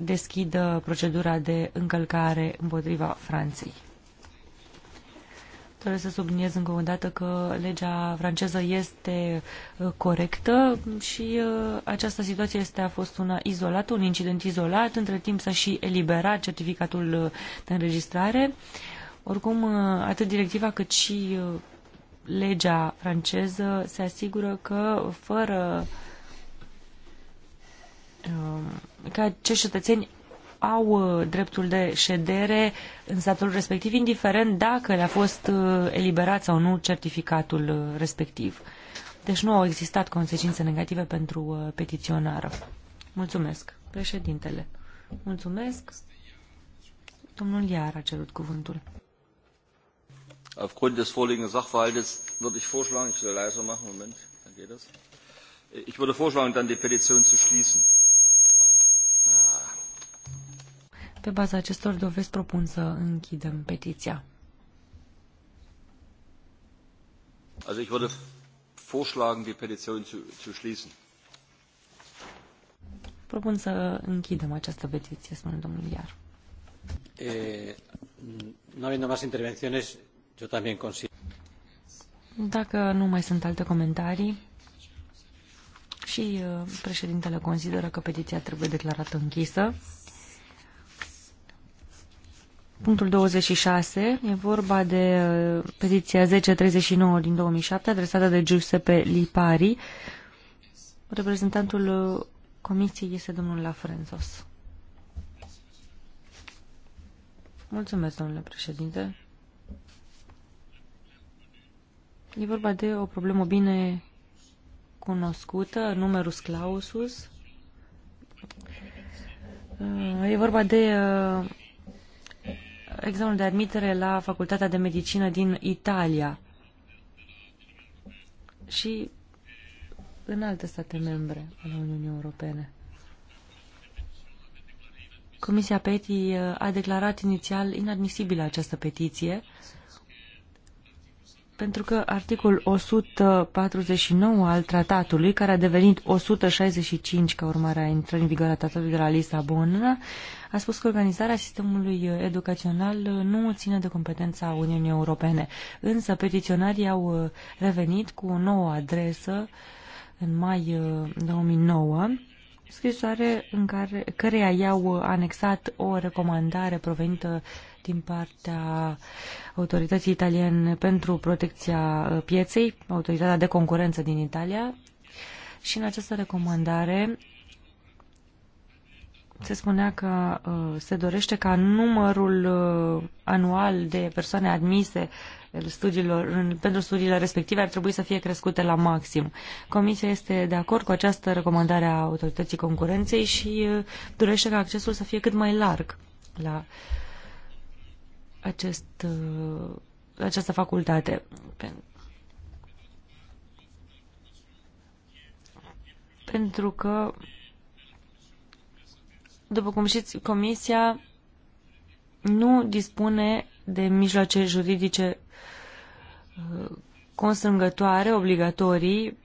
deschidă procedura de încălcare împotriva Franței. Trebuie să subliniez încă o dată că legea franceză este uh, corectă și uh, această situație este a fost una izolată, un incident izolat. Între timp s-a și eliberat certificatul uh, de înregistrare. Oricum, atât directiva cât și legea franceză se asigură că fără uh, Um, că acești cetățeni au uh, dreptul de ședere în statul respectiv, indiferent dacă le-a fost uh, eliberat sau nu certificatul uh, respectiv. Deci nu au existat consecințe negative pentru petiționară. Mulțumesc, președintele. Mulțumesc. Domnul Iar a cerut cuvântul.
Aufgrund des vorliegenden Sachverhaltes würde ich vorschlagen, ich soll leiser machen, Moment, dann geht das. Ich würde vorschlagen, dann die Petition zu schließen.
Pe baza acestor dovezi propun să închidem petiția.
Also ich würde vorschlagen, die Petition zu, zu schließen.
Propun să închidem această petiție, spune domnul Iar.
Eh,
no habiendo más intervenciones, yo también consider...
Dacă nu mai sunt alte comentarii și eh, președintele consideră că petiția trebuie declarată închisă, Punctul 26 e vorba de uh, petiția 1039 din 2007 adresată de Giuseppe Lipari. Reprezentantul uh, comisiei este domnul Lafrenzos. Mulțumesc, domnule președinte. E vorba de o problemă bine cunoscută, numerus clausus. Uh, e vorba de examenul de admitere la Facultatea de Medicină din Italia și în alte state membre ale Uniunii Europene. Comisia PETI uh, a declarat inițial inadmisibilă această petiție pentru că articolul 149 al tratatului, care a devenit 165 ca urmare a intrării în vigoare a tratatului de la Lisabona, a spus că organizarea sistemului educațional uh, nu ține de competența Uniunii Europene, însă petiționarii au uh, revenit cu o nouă adresă în mai 2009, uh, scrisoare în care, căreia i-au anexat o recomandare provenită din partea autorității italiene pentru protecția pieței, autoritatea de concurență din Italia, și în această recomandare se spunea că uh, se dorește ca numărul uh, anual de persoane admise uh, studiilor, în, pentru studiile respective ar trebui să fie crescute la maxim. Comisia este de acord cu această recomandare a autorității concurenței și uh, dorește ca accesul să fie cât mai larg la acest, uh, această facultate. Pentru că după cum știți, Comisia nu dispune de mijloace juridice uh, constrângătoare, obligatorii,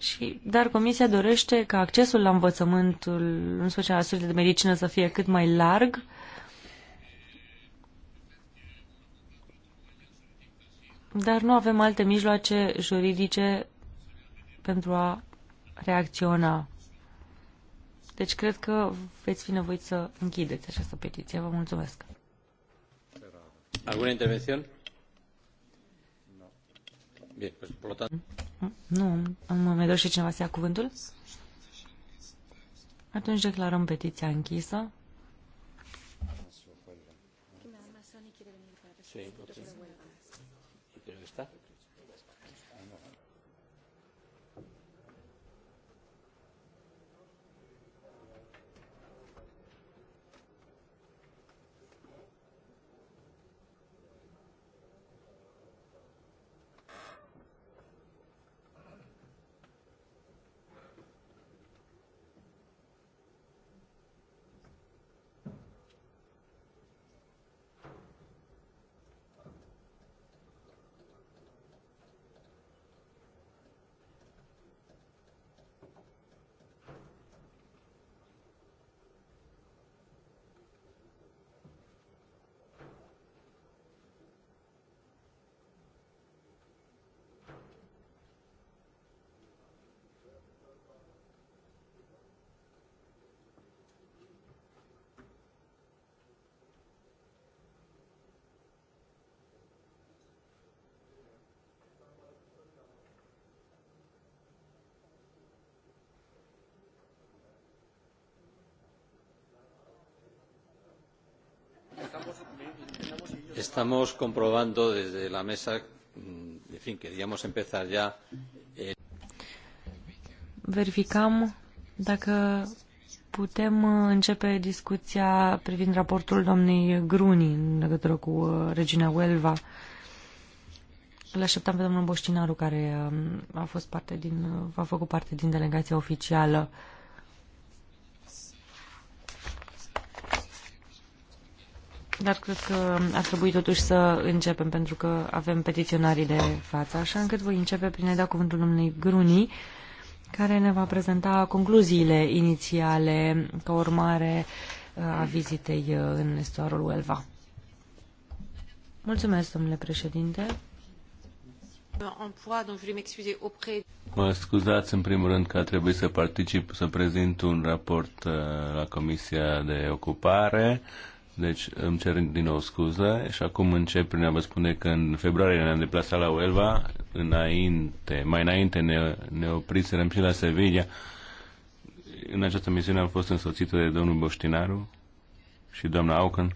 și, dar Comisia dorește ca accesul la învățământul, în special la studiile de medicină, să fie cât mai larg. Dar nu avem alte mijloace juridice pentru a reacționa. Deci cred că veți fi nevoiți să închideți această petiție. Vă mulțumesc.
Alguna intervenție? Bine, por
lo Nu, mai cineva să ia cuvântul? Atunci declarăm petiția închisă.
estamos comprobando desde la mesa, mm, en fin, queríamos empezar ya. El...
Verificam dacă putem începe discuția privind raportul doamnei Gruni în legătură cu uh, regina Uelva. Îl așteptam pe domnul Boștinaru, care um, a, fost parte din, uh, a făcut parte din delegația oficială uh, Dar cred că ar trebui totuși să începem, pentru că avem petiționarii de față, așa încât voi începe prin a da cuvântul domnului Gruni, care ne va prezenta concluziile inițiale ca urmare uh, a vizitei uh, în estuarul Uelva. Mulțumesc, domnule președinte.
Mă scuzați în primul rând că a trebuit să particip, să prezint un raport uh, la Comisia de Ocupare deci îmi cer din nou scuze și acum încep prin a vă spune că în februarie ne-am deplasat la Uelva, înainte, mai înainte ne, ne opriserăm și la Sevilla. În această misiune am fost însoțită de domnul Boștinaru și doamna Aucan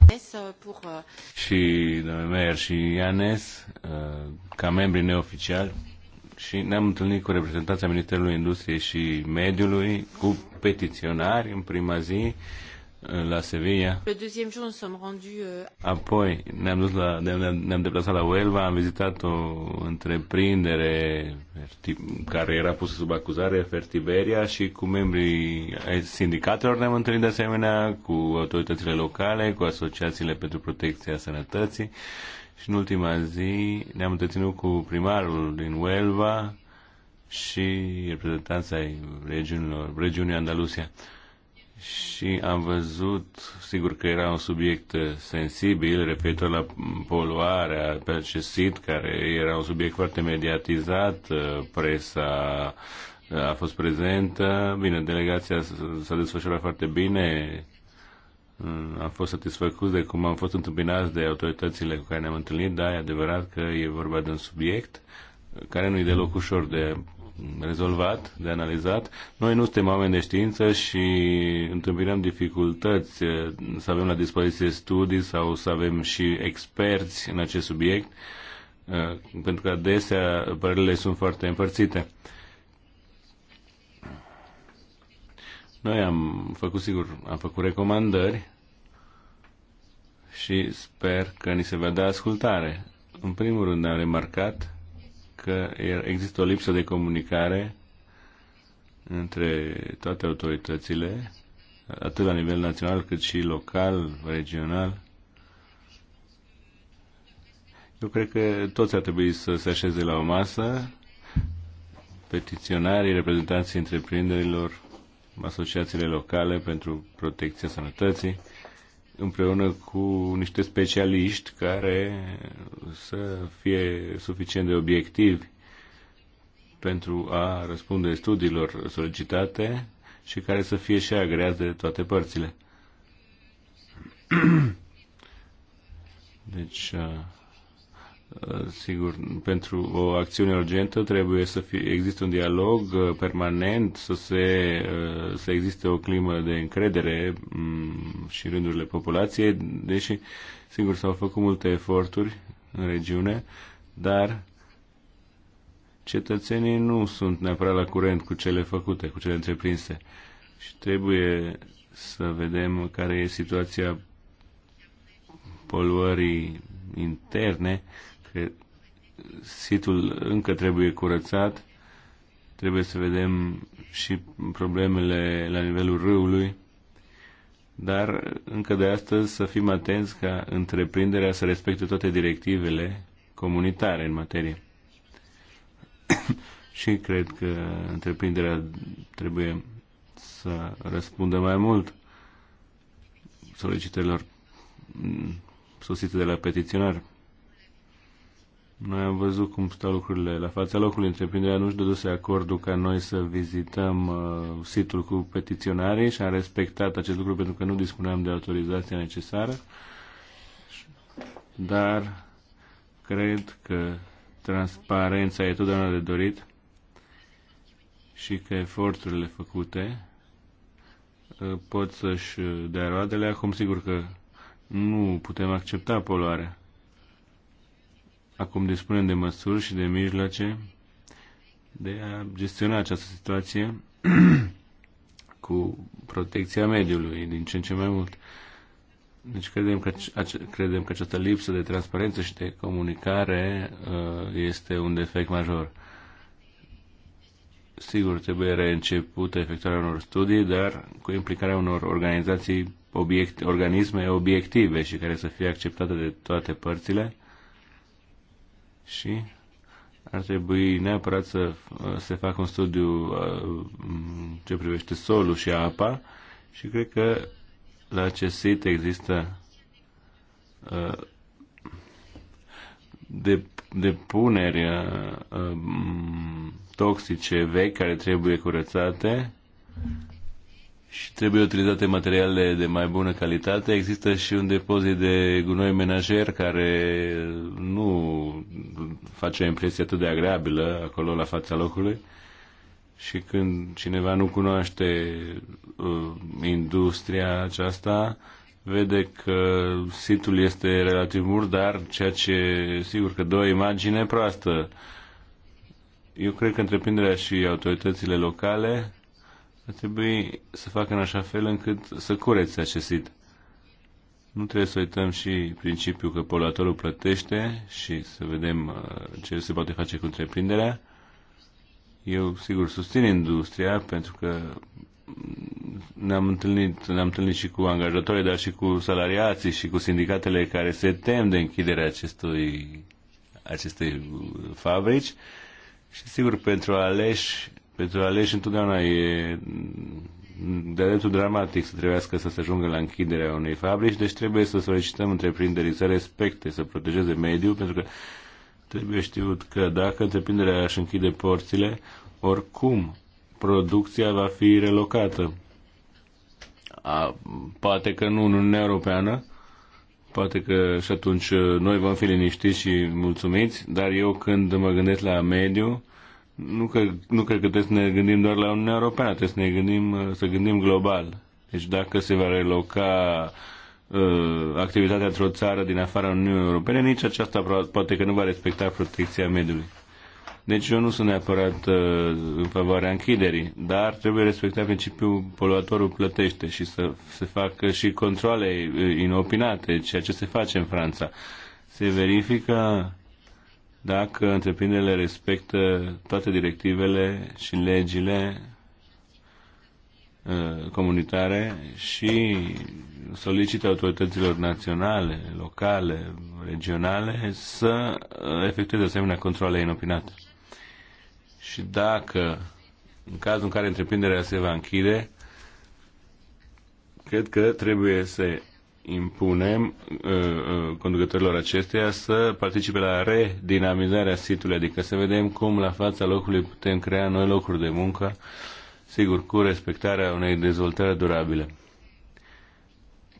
uh, uh,
Și doamne Meier și Ianes, uh, ca membri neoficiali și ne-am întâlnit cu reprezentanța Ministerului Industriei și Mediului, cu petiționari în prima zi uh, la Sevilla. Uh, Apoi ne-am dus la, ne-am, ne deplasat la Huelva, am vizitat o întreprindere care era pusă sub acuzare, Fertiberia, și cu membrii sindicatelor ne-am întâlnit de asemenea, cu autoritățile locale, cu asociațiile pentru protecția sănătății și în ultima zi ne-am întâlnit cu primarul din Huelva și reprezentanța ai regiunilor, regiunii Andalusia. Și am văzut, sigur că era un subiect uh, sensibil, referitor la poluarea pe acest sit, care era un subiect foarte mediatizat, uh, presa uh, a fost prezentă, bine, delegația s-a desfășurat foarte bine, Mm, am fost satisfăcut de cum am fost întâmpinați de autoritățile cu care ne-am întâlnit, dar e adevărat că e vorba de un subiect care nu e deloc ușor de rezolvat, de analizat. Noi nu suntem oameni de știință și întâmpinăm dificultăți eh, să avem la dispoziție studii sau să avem și experți în acest subiect, eh, pentru că adesea părerile sunt foarte împărțite. Noi am făcut, sigur, am făcut recomandări și sper că ni se va da ascultare. În primul rând am remarcat că există o lipsă de comunicare între toate autoritățile, atât la nivel național cât și local, regional. Eu cred că toți ar trebui să se așeze la o masă, petiționarii, reprezentanții întreprinderilor, asociațiile locale pentru protecția sănătății, împreună cu niște specialiști care să fie suficient de obiectivi pentru a răspunde studiilor solicitate și care să fie și agreați de toate părțile. Deci, uh, Eh, sigur, pentru o acțiune urgentă trebuie să fie, există un dialog eh, permanent, să, se, eh, să existe o climă de încredere mm, și în rândurile populației, deși, sigur, s-au făcut multe eforturi în regiune, dar cetățenii nu sunt neapărat la curent cu cele făcute, cu cele întreprinse. Și trebuie să vedem care e situația poluării interne că situl încă trebuie curățat, trebuie să vedem și problemele la nivelul râului, dar încă de astăzi să fim atenți ca întreprinderea să respecte toate directivele comunitare în materie. și cred că întreprinderea trebuie să răspundă mai mult solicitărilor sosite de la petiționar. Noi am văzut cum stau lucrurile la fața locului. Întreprinderea nu-și dăduse acordul ca noi să vizităm uh, situl cu petiționarii și am respectat acest lucru pentru că nu dispuneam de autorizația necesară. Dar cred că transparența e totdeauna de dorit și că eforturile făcute uh, pot să-și dea roadele. Acum, sigur că nu putem accepta poluarea Acum dispunem de măsuri și de mijloace de a gestiona această situație cu protecția mediului din ce în ce mai mult. Deci credem că, credem că această lipsă de transparență și de comunicare uh, este un defect major. Sigur, trebuie reîncepută efectuarea unor studii, dar cu implicarea unor organizații, obiect, organisme obiective și care să fie acceptate de toate părțile și ar trebui neapărat să se facă un studiu uh, ce privește solul și apa și cred că la acest sit există uh, de, depuneri uh, um, toxice vechi care trebuie curățate și trebuie utilizate materiale de mai bună calitate. Există și un depozit de gunoi menajer care nu face o impresie atât de agreabilă acolo la fața locului. Și când cineva nu cunoaște uh, industria aceasta, vede că situl este relativ murdar, ceea ce sigur că dă o imagine proastă. Eu cred că întreprinderea și autoritățile locale ar trebui să facă în așa fel încât să curețe acest zid. Nu trebuie să uităm și principiul că poluatorul plătește și să vedem uh, ce se poate face cu întreprinderea. Eu, sigur, susțin industria pentru că ne-am întâlnit, ne-am întâlnit și cu angajatorii, dar și cu salariații și cu sindicatele care se tem de închiderea acestui, acestei uh, fabrici. Și sigur, pentru aleși pentru aleși întotdeauna e de dreptul dramatic să trebuiască să se ajungă la închiderea unei fabrici, deci trebuie să solicităm întreprinderii să respecte, să protejeze mediul, pentru că trebuie știut că dacă întreprinderea își închide porțile, oricum producția va fi relocată. A, poate că nu în Uniunea Europeană, poate că și atunci uh, noi vom fi liniștiți și mulțumiți, dar eu când mă gândesc la mediu, nu, că, nu cred că trebuie să ne gândim doar la Uniunea Europeană, trebuie să ne gândim, să gândim global. Deci dacă se va reloca uh, activitatea într-o țară din afara Uniunii Europene, nici aceasta poate că nu va respecta protecția mediului. Deci eu nu sunt neapărat uh, în favoarea închiderii, dar trebuie respectat principiul poluatorul plătește și să se facă și controle uh, inopinate, ceea ce se face în Franța. Se verifică dacă întreprinderile respectă toate directivele și legile uh, comunitare și solicită autorităților naționale, locale, regionale să uh, efectueze asemenea controle inopinate. Și dacă, în cazul în care întreprinderea se va închide, cred că trebuie să impunem uh, uh, conducătorilor acesteia să participe la redinamizarea sitului, adică să vedem cum la fața locului putem crea noi locuri de muncă, sigur, cu respectarea unei dezvoltări durabile.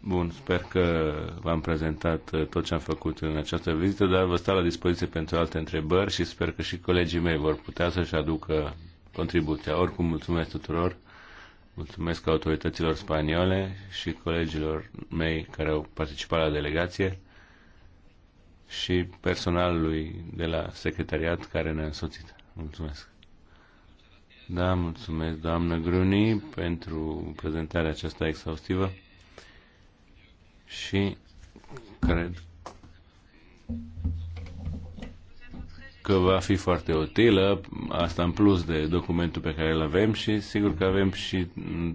Bun, sper că v-am prezentat uh, tot ce am făcut în această vizită, dar vă stau la dispoziție pentru alte întrebări și sper că și colegii mei vor putea să-și aducă contribuția. Oricum, mulțumesc tuturor Mulțumesc autorităților spaniole și colegilor mei care au participat la delegație și personalului de la secretariat care ne-a însoțit. Mulțumesc. Da, mulțumesc, doamnă Gruni, pentru prezentarea aceasta exhaustivă și cred că va fi foarte utilă, asta în plus de documentul pe care îl avem și sigur că avem și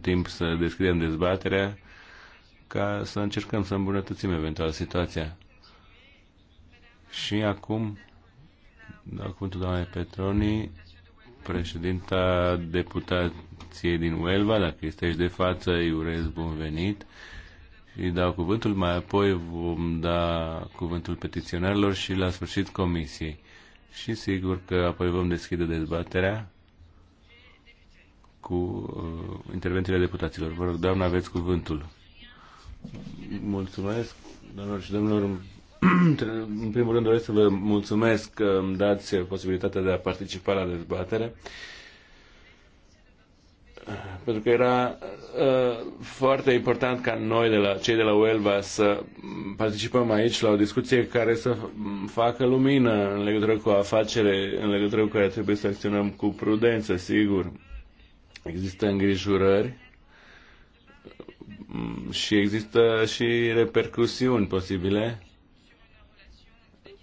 timp să descriem dezbaterea ca să încercăm să îmbunătățim eventual situația. Și acum, dau cuvântul doamnei Petroni, președinta deputației din Uelva, dacă este aici de față, îi urez bun venit. Îi dau cuvântul, mai apoi vom da cuvântul petiționarilor și la sfârșit comisiei și sigur că apoi vom deschide dezbaterea cu uh, intervențiile deputaților. Vă rog, doamna, aveți cuvântul. Mulțumesc, doamnelor și domnilor. În primul rând doresc să vă mulțumesc că îmi dați posibilitatea de a participa la dezbatere. Uh, pentru că era uh, foarte important ca noi, de la, cei de la Uelva, să participăm aici la o discuție care să facă lumină în legătură cu afacere, în legătură cu care trebuie să acționăm cu prudență, sigur. Există îngrijurări mm, și există și repercusiuni posibile.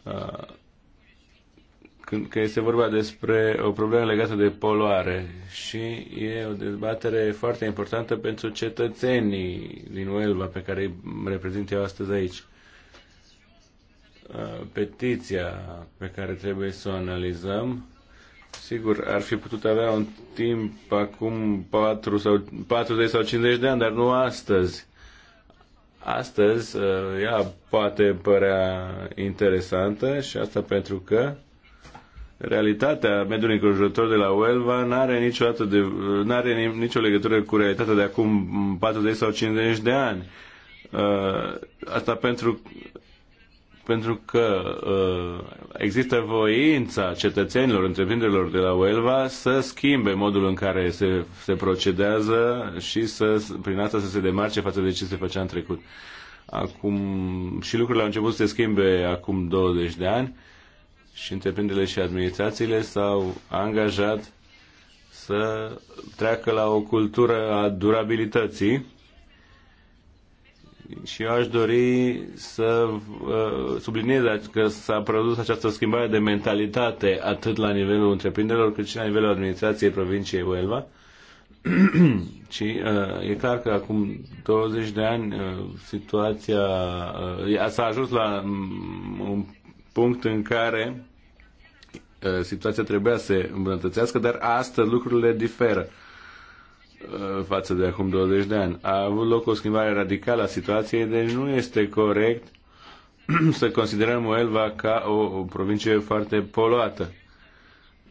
Uh, când, că este vorba despre o problemă legată de poluare și e o dezbatere foarte importantă pentru cetățenii din Uelva pe care îi reprezint eu astăzi aici. Uh, petiția pe care trebuie să o analizăm, sigur, ar fi putut avea un timp acum 4 sau, 40 sau 50 de ani, dar nu astăzi. Astăzi uh, ea poate părea interesantă și asta pentru că realitatea mediului înconjurător de la Uelva nu are niciodată de, n-are nicio legătură cu realitatea de acum 40 sau 50 de ani. Uh, asta pentru pentru că uh, există voința cetățenilor, întreprinderilor de la Uelva să schimbe modul în care se, se procedează și să, prin asta să se demarce față de ce se făcea în trecut. Acum, și lucrurile au început să se schimbe acum 20 de ani și întreprinderile și administrațiile s-au angajat să treacă la o cultură a durabilității și eu aș dori să uh, subliniez că s-a produs această schimbare de mentalitate atât la nivelul întreprinderilor cât și la nivelul administrației provinciei Uelva. și uh, e clar că acum 20 de ani uh, situația uh, s-a ajuns la um, un punct în care Uh, situația trebuia să se îmbunătățească, dar astăzi lucrurile diferă uh, față de acum 20 de ani. A avut loc o schimbare radicală a situației, deci nu este corect să considerăm Elva ca o, o provincie foarte poluată.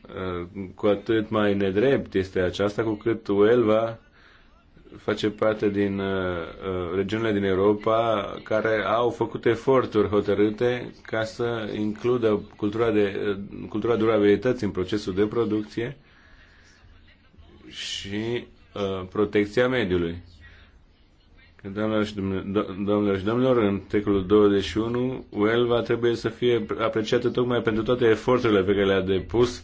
Uh, cu atât mai nedrept este aceasta, cu cât Elva face parte din uh, uh, regiunile din Europa care au făcut eforturi hotărâte ca să includă cultura, de, uh, cultura durabilității în procesul de producție și uh, protecția mediului. Doamnelor și, domnilor și domnilor, în secolul 21, Uelva trebuie să fie apreciată tocmai pentru toate eforturile pe care le-a depus uh,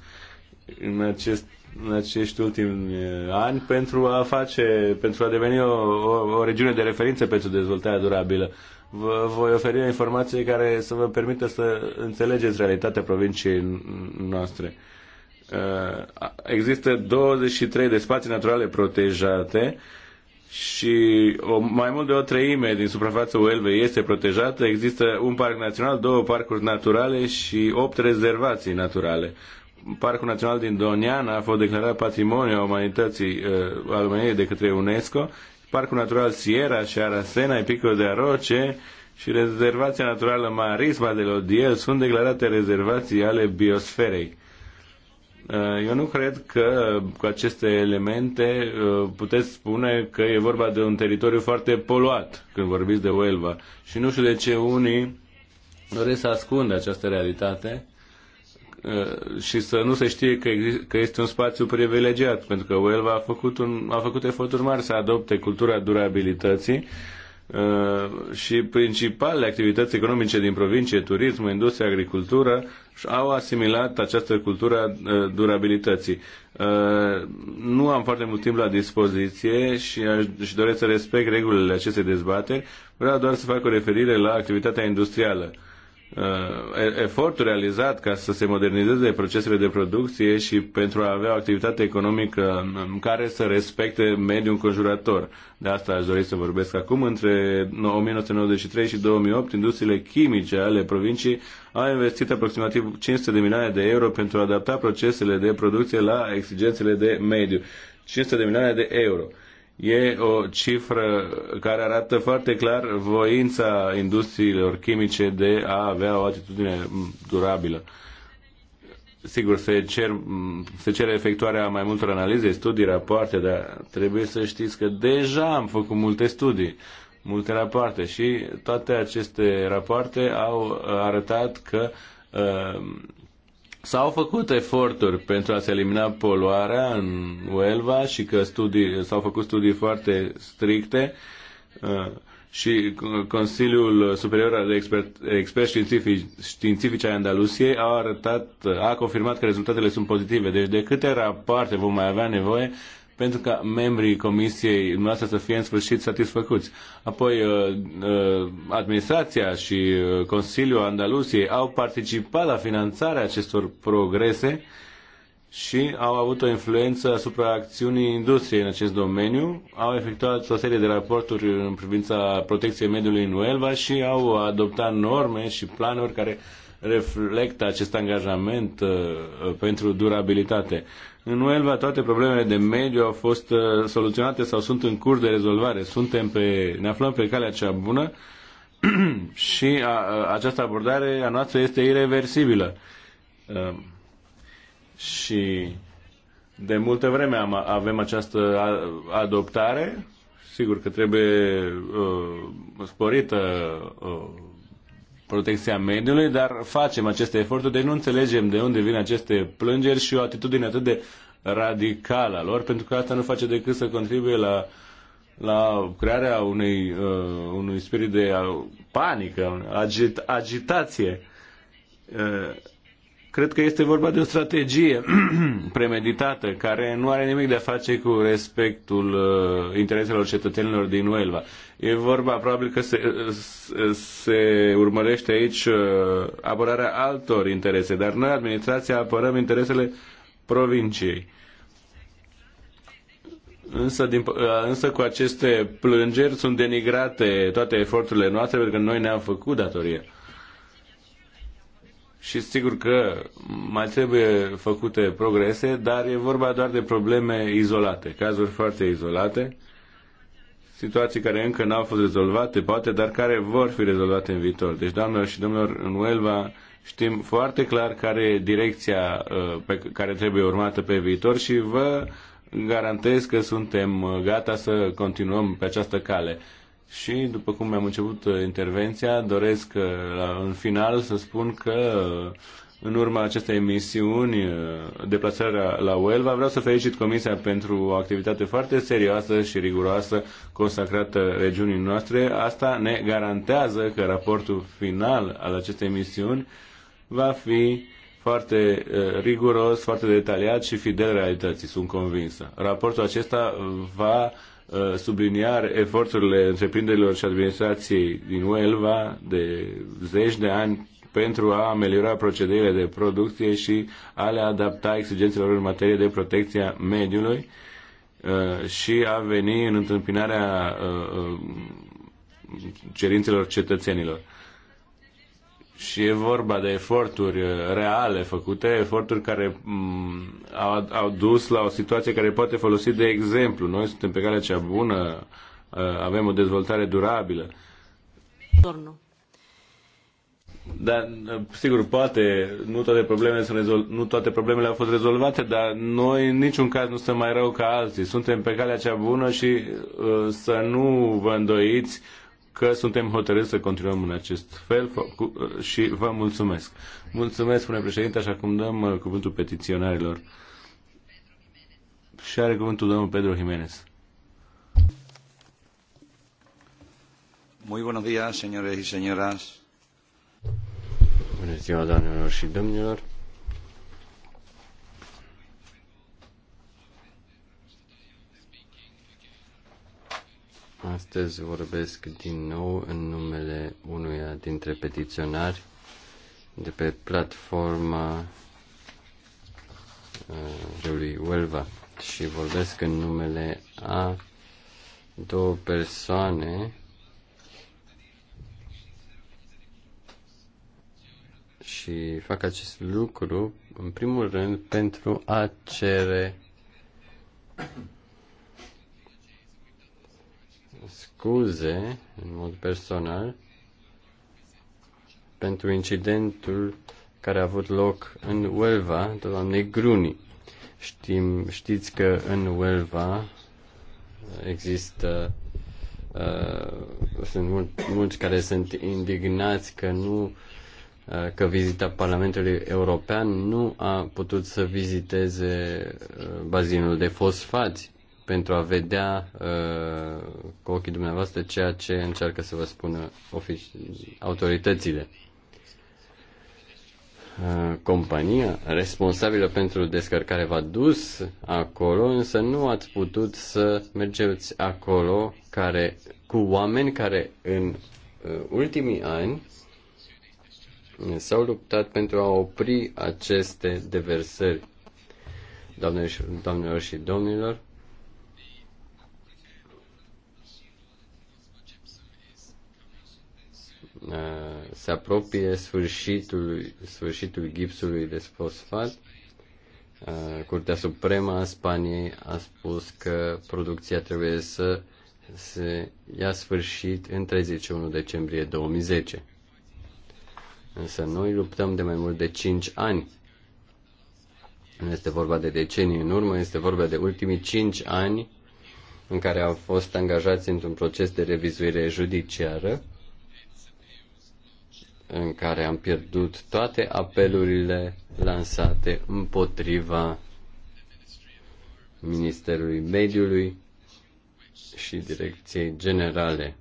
în, acest, în acești ultimi eh, ani pentru a face, pentru a deveni o, o, o regiune de referință pentru dezvoltarea durabilă. Vă voi oferi informații care să vă permită să înțelegeți realitatea provinciei noastre. Eh, există 23 de spații naturale protejate și o, mai mult de o treime din suprafața Uelvei este protejată. Există un parc național, două parcuri naturale și opt rezervații naturale. Parcul Național din Doniana a fost declarat Patrimoniu a Umanității uh, al României de către UNESCO, Parcul Natural Sierra și Arasena, Pico de Aroce și Rezervația Naturală Marisba de Lodiel sunt declarate rezervații ale biosferei. Uh, eu nu cred că uh, cu aceste elemente uh, puteți spune că e vorba de un teritoriu foarte poluat când vorbiți de Huelva. Și nu știu de ce unii doresc să ascundă această realitate Eh, și să nu se știe că, exist, că este un spațiu privilegiat, pentru că Uelva a făcut, un, a făcut eforturi mari să adopte cultura durabilității eh, și principalele activități economice din provincie, turism, industria, agricultură, au asimilat această cultură eh, durabilității. Nu am foarte mult timp la dispoziție și, aș, și doresc să respect regulile acestei dezbateri. Vreau doar să fac o referire la activitatea industrială Uh, efortul realizat ca să se modernizeze procesele de producție și pentru a avea o activitate economică um, care să respecte mediul conjurator. De asta aș dori să vorbesc acum. Între 1993 și 2008, industriile chimice ale provincii au investit aproximativ 500 de milioane de euro pentru a adapta procesele de producție la exigențele de mediu. 500 de milioane de euro. E o cifră care arată foarte clar voința industriilor chimice de a avea o atitudine durabilă. Sigur, se, cer, se cere efectuarea mai multor analize, studii, rapoarte, dar trebuie să știți că deja am făcut multe studii, multe rapoarte și toate aceste rapoarte au arătat că uh, S-au făcut eforturi pentru a se elimina poluarea în Uelva și că studii, s-au făcut studii foarte stricte uh, și Consiliul Superior de Expert, Experți Științifici, Științifici ai Andalusiei a arătat, a confirmat că rezultatele sunt pozitive. Deci de câte rapoarte vom mai avea nevoie pentru ca membrii comisiei noastre să fie în sfârșit satisfăcuți. Apoi, uh, uh, administrația și uh, Consiliul Andalusiei au participat la finanțarea acestor progrese și au avut o influență asupra acțiunii industriei în acest domeniu, au efectuat o serie de raporturi în privința protecției mediului în Uelva și au adoptat norme și planuri care reflectă acest angajament pentru durabilitate. În Uelva toate problemele de mediu au fost uh, soluționate sau sunt în curs de rezolvare. Suntem pe, ne aflăm pe calea cea bună și a, uh, a, uh, această abordare a noastră este irreversibilă. A, și de multă vreme am, avem această adoptare. Sigur că trebuie uh, sporită uh, protecția mediului, dar facem aceste eforturi, deci nu înțelegem de unde vin aceste plângeri și o atitudine atât de radicală a lor, pentru că asta nu face decât să contribuie la, la crearea unei, uh, unui spirit de uh, panică, agit, agitație. Uh, Cred că este vorba de o strategie premeditată care nu are nimic de a face cu respectul uh, intereselor cetățenilor din Uelva. E vorba probabil că se, uh, se urmărește aici uh, apărarea altor interese, dar noi, administrația, apărăm interesele provinciei. Însă, din, uh, însă cu aceste plângeri sunt denigrate toate eforturile noastre pentru că noi ne-am făcut datoria și sigur că mai trebuie făcute progrese, dar e vorba doar de probleme izolate, cazuri foarte izolate, situații care încă n-au fost rezolvate, poate, dar care vor fi rezolvate în viitor. Deci, doamnelor și domnilor, în Uelva știm foarte clar care e direcția uh, pe care trebuie urmată pe viitor și vă garantez că suntem uh, gata să continuăm pe această cale. Și, după cum mi-am început uh, intervenția, doresc uh, la, în final să spun că uh, în urma acestei emisiuni, deplasarea la Uelva, vreau să felicit Comisia pentru o activitate foarte serioasă și riguroasă consacrată regiunii noastre. Asta ne garantează că raportul final al acestei emisiuni va fi foarte riguros, foarte detaliat și fidel realității, sunt convinsă. Raportul acesta va Uh, subliniar eforturile întreprinderilor și administrației din Uelva de zeci de ani pentru a ameliora procedurile de producție și a le adapta exigențelor în materie de protecția mediului uh, și a veni în întâmpinarea uh, cerințelor cetățenilor. Și e vorba de eforturi uh, reale făcute, eforturi care mm, au, au dus la o situație care poate folosi de exemplu. Noi suntem pe calea cea bună, uh, avem o dezvoltare durabilă. Dar, uh, sigur, poate nu toate, problemele sunt rezol- nu toate problemele au fost rezolvate, dar noi în niciun caz nu suntem mai rău ca alții. Suntem pe calea cea bună și uh, să nu vă îndoiți uh, că suntem hotărâți să continuăm în acest fel și vă mulțumesc. Mulțumesc, spune președinte, așa cum dăm uh, cuvântul petiționarilor. Și are cuvântul domnul Pedro Jiménez.
Muy buenos días, señores y
señoras. Bună ziua, doamnelor și domnilor. Astăzi vorbesc din nou în numele unuia dintre petiționari de pe platforma uh, lui Uelva și vorbesc în numele a două persoane și fac acest lucru în primul rând pentru a cere scuze în mod personal pentru incidentul care a avut loc în Uelva, la Gruni. Știm, știți că în Uelva există uh, sunt mult, mulți care sunt indignați că nu uh, că vizita Parlamentului European nu a putut să viziteze uh, bazinul de fosfați pentru a vedea uh, cu ochii dumneavoastră ceea ce încearcă să vă spună autoritățile. Uh, compania responsabilă pentru descărcare v-a dus acolo, însă nu ați putut să mergeți acolo care, cu oameni care în uh, ultimii ani s-au luptat pentru a opri aceste deversări. Doamnelor și, doamnelor și domnilor, Uh, se apropie sfârșitul, sfârșitul gipsului de fosfat. Uh, Curtea Supremă a Spaniei a spus că producția trebuie să se ia sfârșit în 31 decembrie 2010. Însă noi luptăm de mai mult de 5 ani. Nu este vorba de decenii în urmă, este vorba de ultimii 5 ani în care au fost angajați într-un proces de revizuire judiciară în care am pierdut toate apelurile lansate împotriva Ministerului Mediului și Direcției Generale,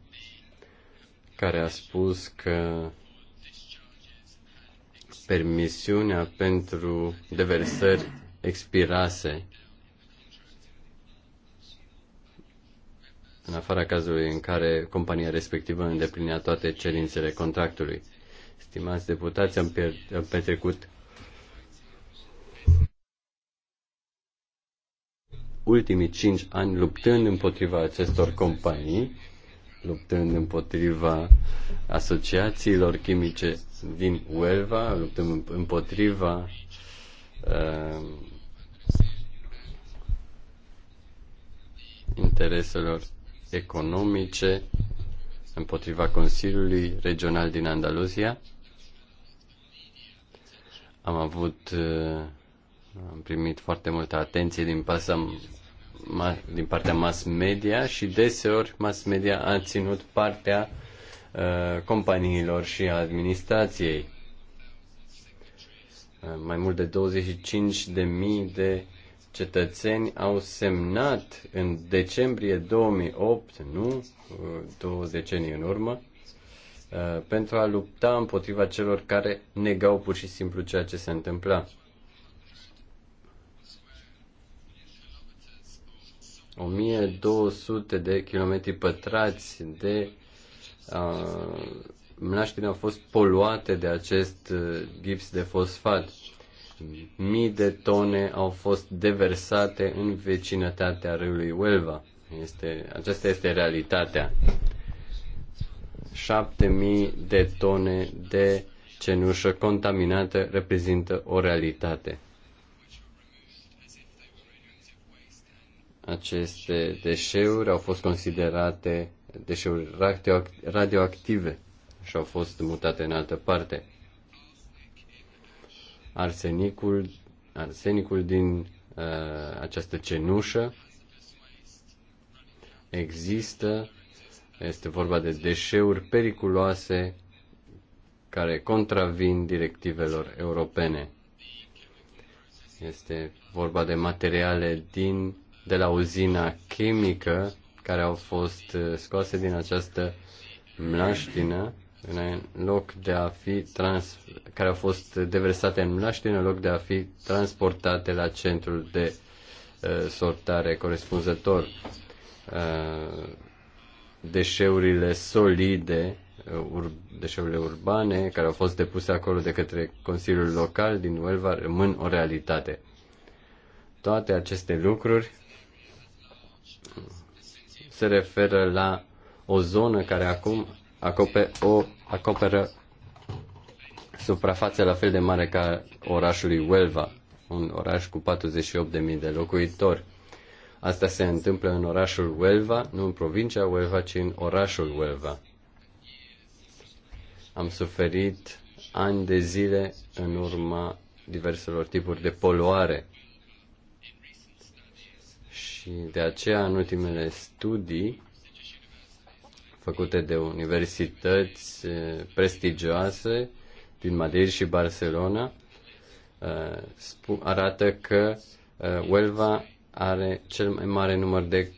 care a spus că permisiunea pentru deversări expirase în afara cazului în care compania respectivă îndeplinea toate cerințele contractului stimați deputați, am, pier- am petrecut ultimii cinci ani luptând împotriva acestor companii, luptând împotriva asociațiilor chimice din Uelva, luptând împotriva uh, intereselor economice, împotriva Consiliului Regional din Andaluzia am avut, uh, am primit foarte multă atenție din, pasa, din partea mass media și deseori mass media a ținut partea uh, companiilor și a administrației. Uh, mai mult de 25.000 de de cetățeni au semnat în decembrie 2008, nu Două decenii în urmă, Uh, pentru a lupta împotriva celor care negau pur și simplu ceea ce se întâmpla. O 1200 de kilometri pătrați de uh, mlaștine au fost poluate de acest uh, gips de fosfat. Mii de tone au fost deversate în vecinătatea râului Uelva. Este, aceasta este realitatea. 7000 de tone de cenușă contaminată reprezintă o realitate. Aceste deșeuri au fost considerate deșeuri radioactive și au fost mutate în altă parte. Arsenicul, arsenicul din uh, această cenușă există este vorba de deșeuri periculoase care contravin directivelor europene. Este vorba de materiale din, de la uzina chimică care au fost uh, scoase din această mlaștină în loc de a fi trans, care au fost deversate în mlaștină în loc de a fi transportate la centrul de uh, sortare corespunzător. Uh, deșeurile solide, deșeurile urbane care au fost depuse acolo de către Consiliul Local din Uelva rămân o realitate. Toate aceste lucruri se referă la o zonă care acum acope o, acoperă suprafața la fel de mare ca orașului Uelva, un oraș cu 48.000 de locuitori. Asta se întâmplă în orașul Huelva, nu în provincia Huelva, ci în orașul Huelva. Am suferit ani de zile în urma diverselor tipuri de poluare. Și de aceea, în ultimele studii făcute de universități eh, prestigioase din Madrid și Barcelona, eh, arată că eh, Huelva are cel mai mare număr de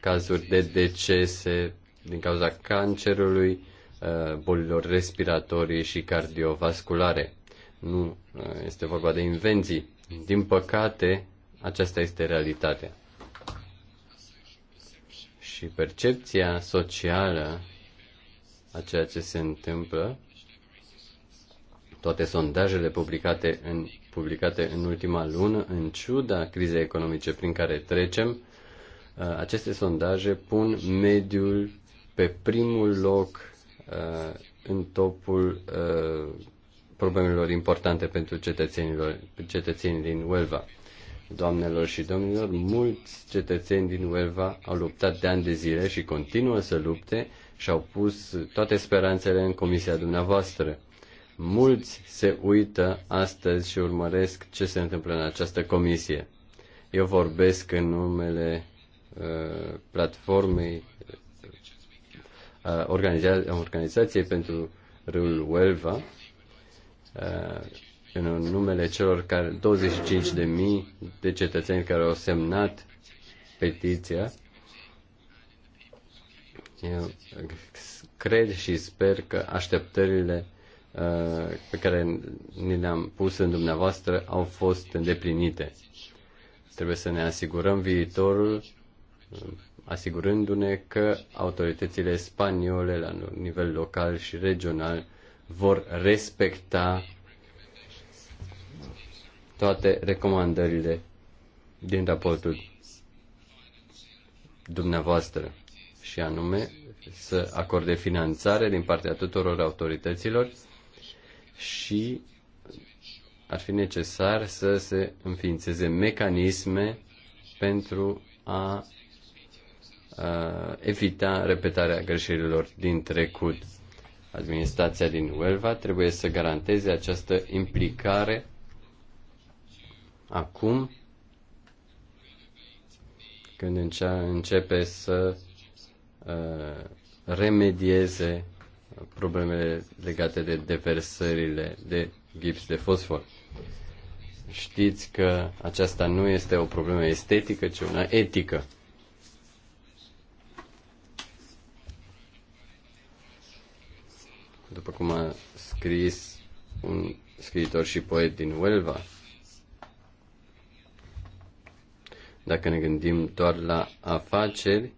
cazuri de decese din cauza cancerului, uh, bolilor respiratorii și cardiovasculare. Nu uh, este vorba de invenții. Din păcate, aceasta este realitatea. Și percepția socială a ceea ce se întâmplă, toate sondajele publicate în publicate în ultima lună, în ciuda crizei economice prin care trecem, uh, aceste sondaje pun mediul pe primul loc uh, în topul uh, problemelor importante pentru cetățenilor, cetățenii din Uelva. Doamnelor și domnilor, mulți cetățeni din Uelva au luptat de ani de zile și continuă să lupte și au pus toate speranțele în comisia dumneavoastră. Mulți se uită astăzi și urmăresc ce se întâmplă în această comisie. Eu vorbesc în numele uh, platformei uh, organiza- organizației pentru râul Uelva, uh, în numele celor care 25.000 de cetățeni care au semnat petiția. Eu cred și sper că așteptările Uh, pe care ni le-am pus în dumneavoastră au fost îndeplinite. Trebuie să ne asigurăm viitorul, uh, asigurându-ne că autoritățile spaniole la nivel local și regional vor respecta toate recomandările din raportul dumneavoastră și anume să acorde finanțare din partea tuturor autorităților și ar fi necesar să se înființeze mecanisme pentru a, a evita repetarea greșelilor din trecut. Administrația din Uelva trebuie să garanteze această implicare acum când începe să uh, remedieze problemele legate de deversările de gips de fosfor. Știți că aceasta nu este o problemă estetică, ci una etică. După cum a scris un scriitor și poet din Huelva, dacă ne gândim doar la afaceri,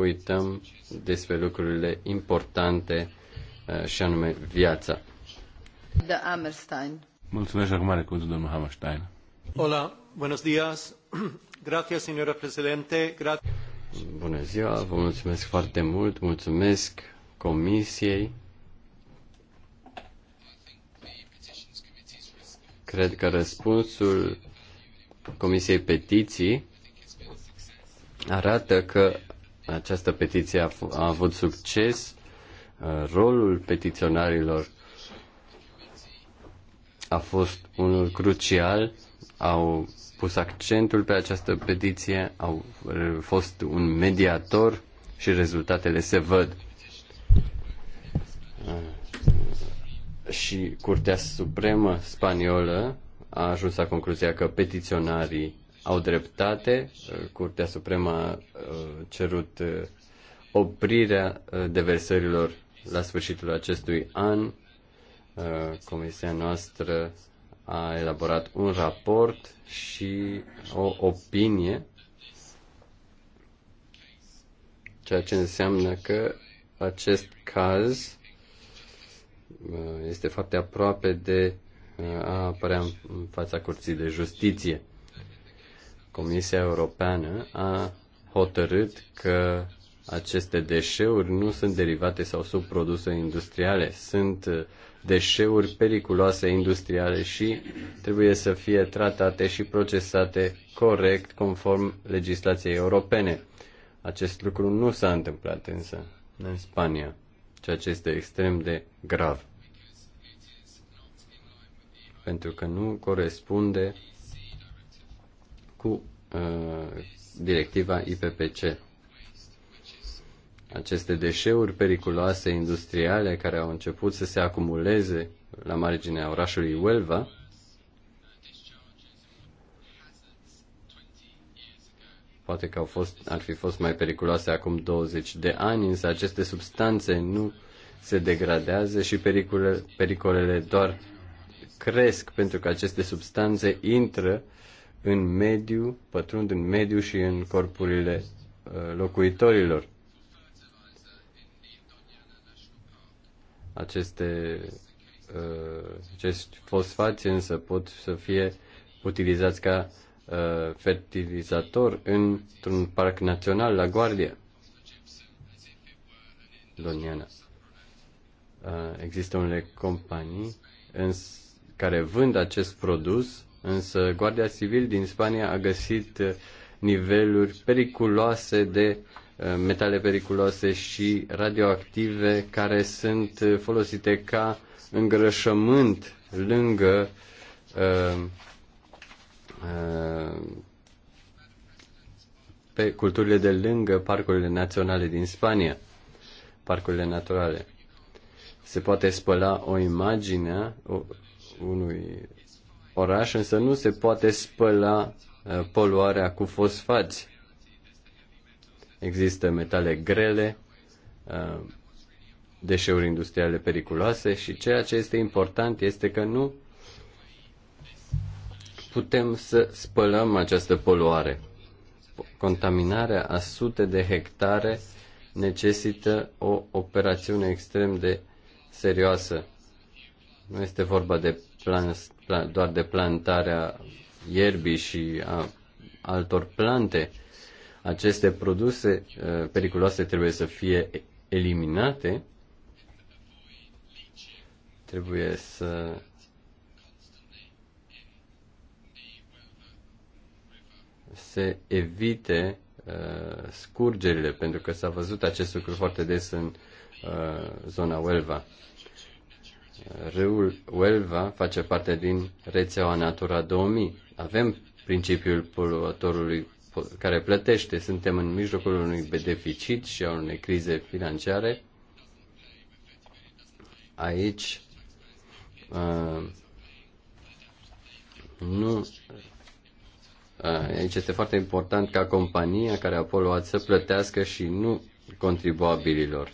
uităm despre lucrurile importante uh, și anume viața.
De Amerstein.
Mulțumesc acum are cuvântul domnul Hammerstein.
Hola, buenos días. Gracias, señora presidente. Gracias.
Bună ziua, vă mulțumesc foarte mult, mulțumesc comisiei. Cred că răspunsul Comisiei Petiții arată că această petiție a, a avut succes. Uh, rolul petiționarilor a fost unul crucial. Au pus accentul pe această petiție, au fost un mediator și rezultatele se văd. Uh, și Curtea Supremă Spaniolă a ajuns la concluzia că petiționarii au dreptate. Uh, Curtea Supremă a uh, cerut uh, oprirea deversărilor la sfârșitul acestui an. Comisia noastră a elaborat un raport și o opinie, ceea ce înseamnă că acest caz este foarte aproape de a apărea în fața Curții de Justiție. Comisia Europeană a hotărât că aceste deșeuri nu sunt derivate sau subproduse industriale, sunt uh, deșeuri periculoase industriale și trebuie să fie tratate și procesate corect conform legislației europene. Acest lucru nu s-a întâmplat însă în Spania, ceea ce este extrem de grav. Pentru că nu corespunde cu uh, directiva IPPC. Aceste deșeuri periculoase industriale care au început să se acumuleze la marginea orașului Huelva poate că au fost, ar fi fost mai periculoase acum 20 de ani, însă aceste substanțe nu se degradează și pericole, pericolele doar cresc pentru că aceste substanțe intră în mediu, pătrund în mediu și în corpurile uh, locuitorilor. Aceste, uh, acești fosfați însă pot să fie utilizați ca uh, fertilizator într-un parc național la Guardia. Doniana. Există unele companii care vând acest produs Însă Guardia Civil din Spania a găsit uh, niveluri periculoase de uh, metale periculoase și radioactive care sunt uh, folosite ca îngrășământ lângă uh, uh, pe culturile de lângă parcurile naționale din Spania, parcurile naturale. Se poate spăla o imagine unui oraș, însă nu se poate spăla uh, poluarea cu fosfați. Există metale grele, uh, deșeuri industriale periculoase și ceea ce este important este că nu putem să spălăm această poluare. Contaminarea a sute de hectare necesită o operațiune extrem de serioasă. Nu este vorba de plan, doar de plantarea ierbii și a altor plante. Aceste produse uh, periculoase trebuie să fie eliminate. Trebuie să se evite uh, scurgerile, pentru că s-a văzut acest lucru foarte des în uh, zona Uelva. Râul Uelva face parte din rețeaua Natura 2000. Avem principiul poluatorului care plătește. Suntem în mijlocul unui deficit și a unei crize financiare. Aici uh, nu uh, Aici este foarte important ca compania care a poluat să plătească și nu contribuabililor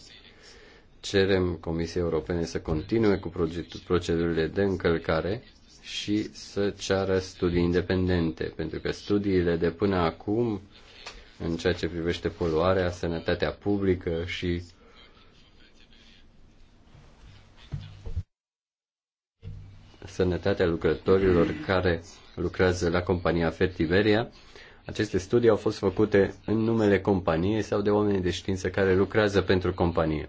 cerem Comisiei Europene să continue cu procedurile de încălcare și să ceară studii independente, pentru că studiile de până acum, în ceea ce privește poluarea, sănătatea publică și sănătatea lucrătorilor care lucrează la compania Fertiberia, aceste studii au fost făcute în numele companiei sau de oameni de știință care lucrează pentru companie.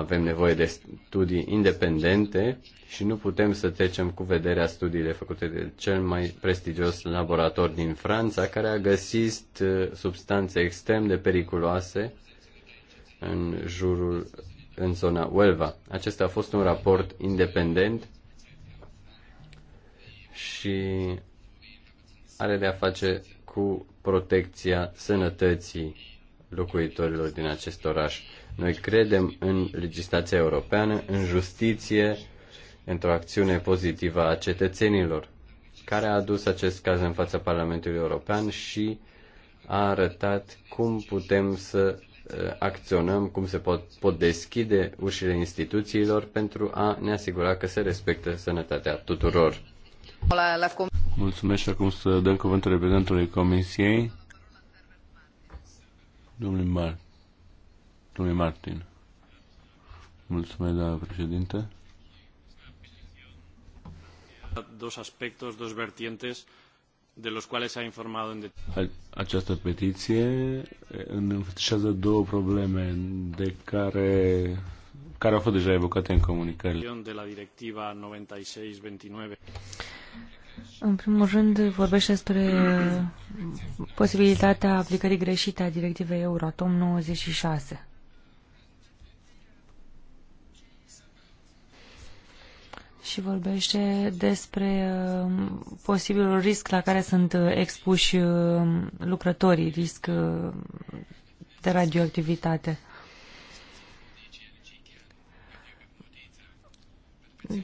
Avem nevoie de studii independente și nu putem să trecem cu vederea studiile făcute de cel mai prestigios laborator din Franța, care a găsit uh, substanțe extrem de periculoase în jurul în zona Huelva. Acesta a fost un raport independent și are de a face cu protecția sănătății locuitorilor din acest oraș. Noi credem în legislația europeană, în justiție, într-o acțiune pozitivă a cetățenilor, care a adus acest caz în fața Parlamentului European și a arătat cum putem să uh, acționăm, cum se pot, pot deschide ușile instituțiilor pentru a ne asigura că se respectă sănătatea tuturor.
Mulțumesc și acum să dăm cuvântul reprezentantului Comisiei, domnul Mart domnului Martin. Mulțumesc, doamna președinte.
Dos aspectos, dos vertientes de los cuales a informat în
detaliu. Această petiție înfățișează două probleme de care care au fost deja evocate în comunicări.
De la directiva 96/29.
În primul rând, vorbește despre posibilitatea aplicării greșite a directivei Euratom 96. și vorbește despre uh, posibilul risc la care sunt uh, expuși uh, lucrătorii, risc de radioactivitate.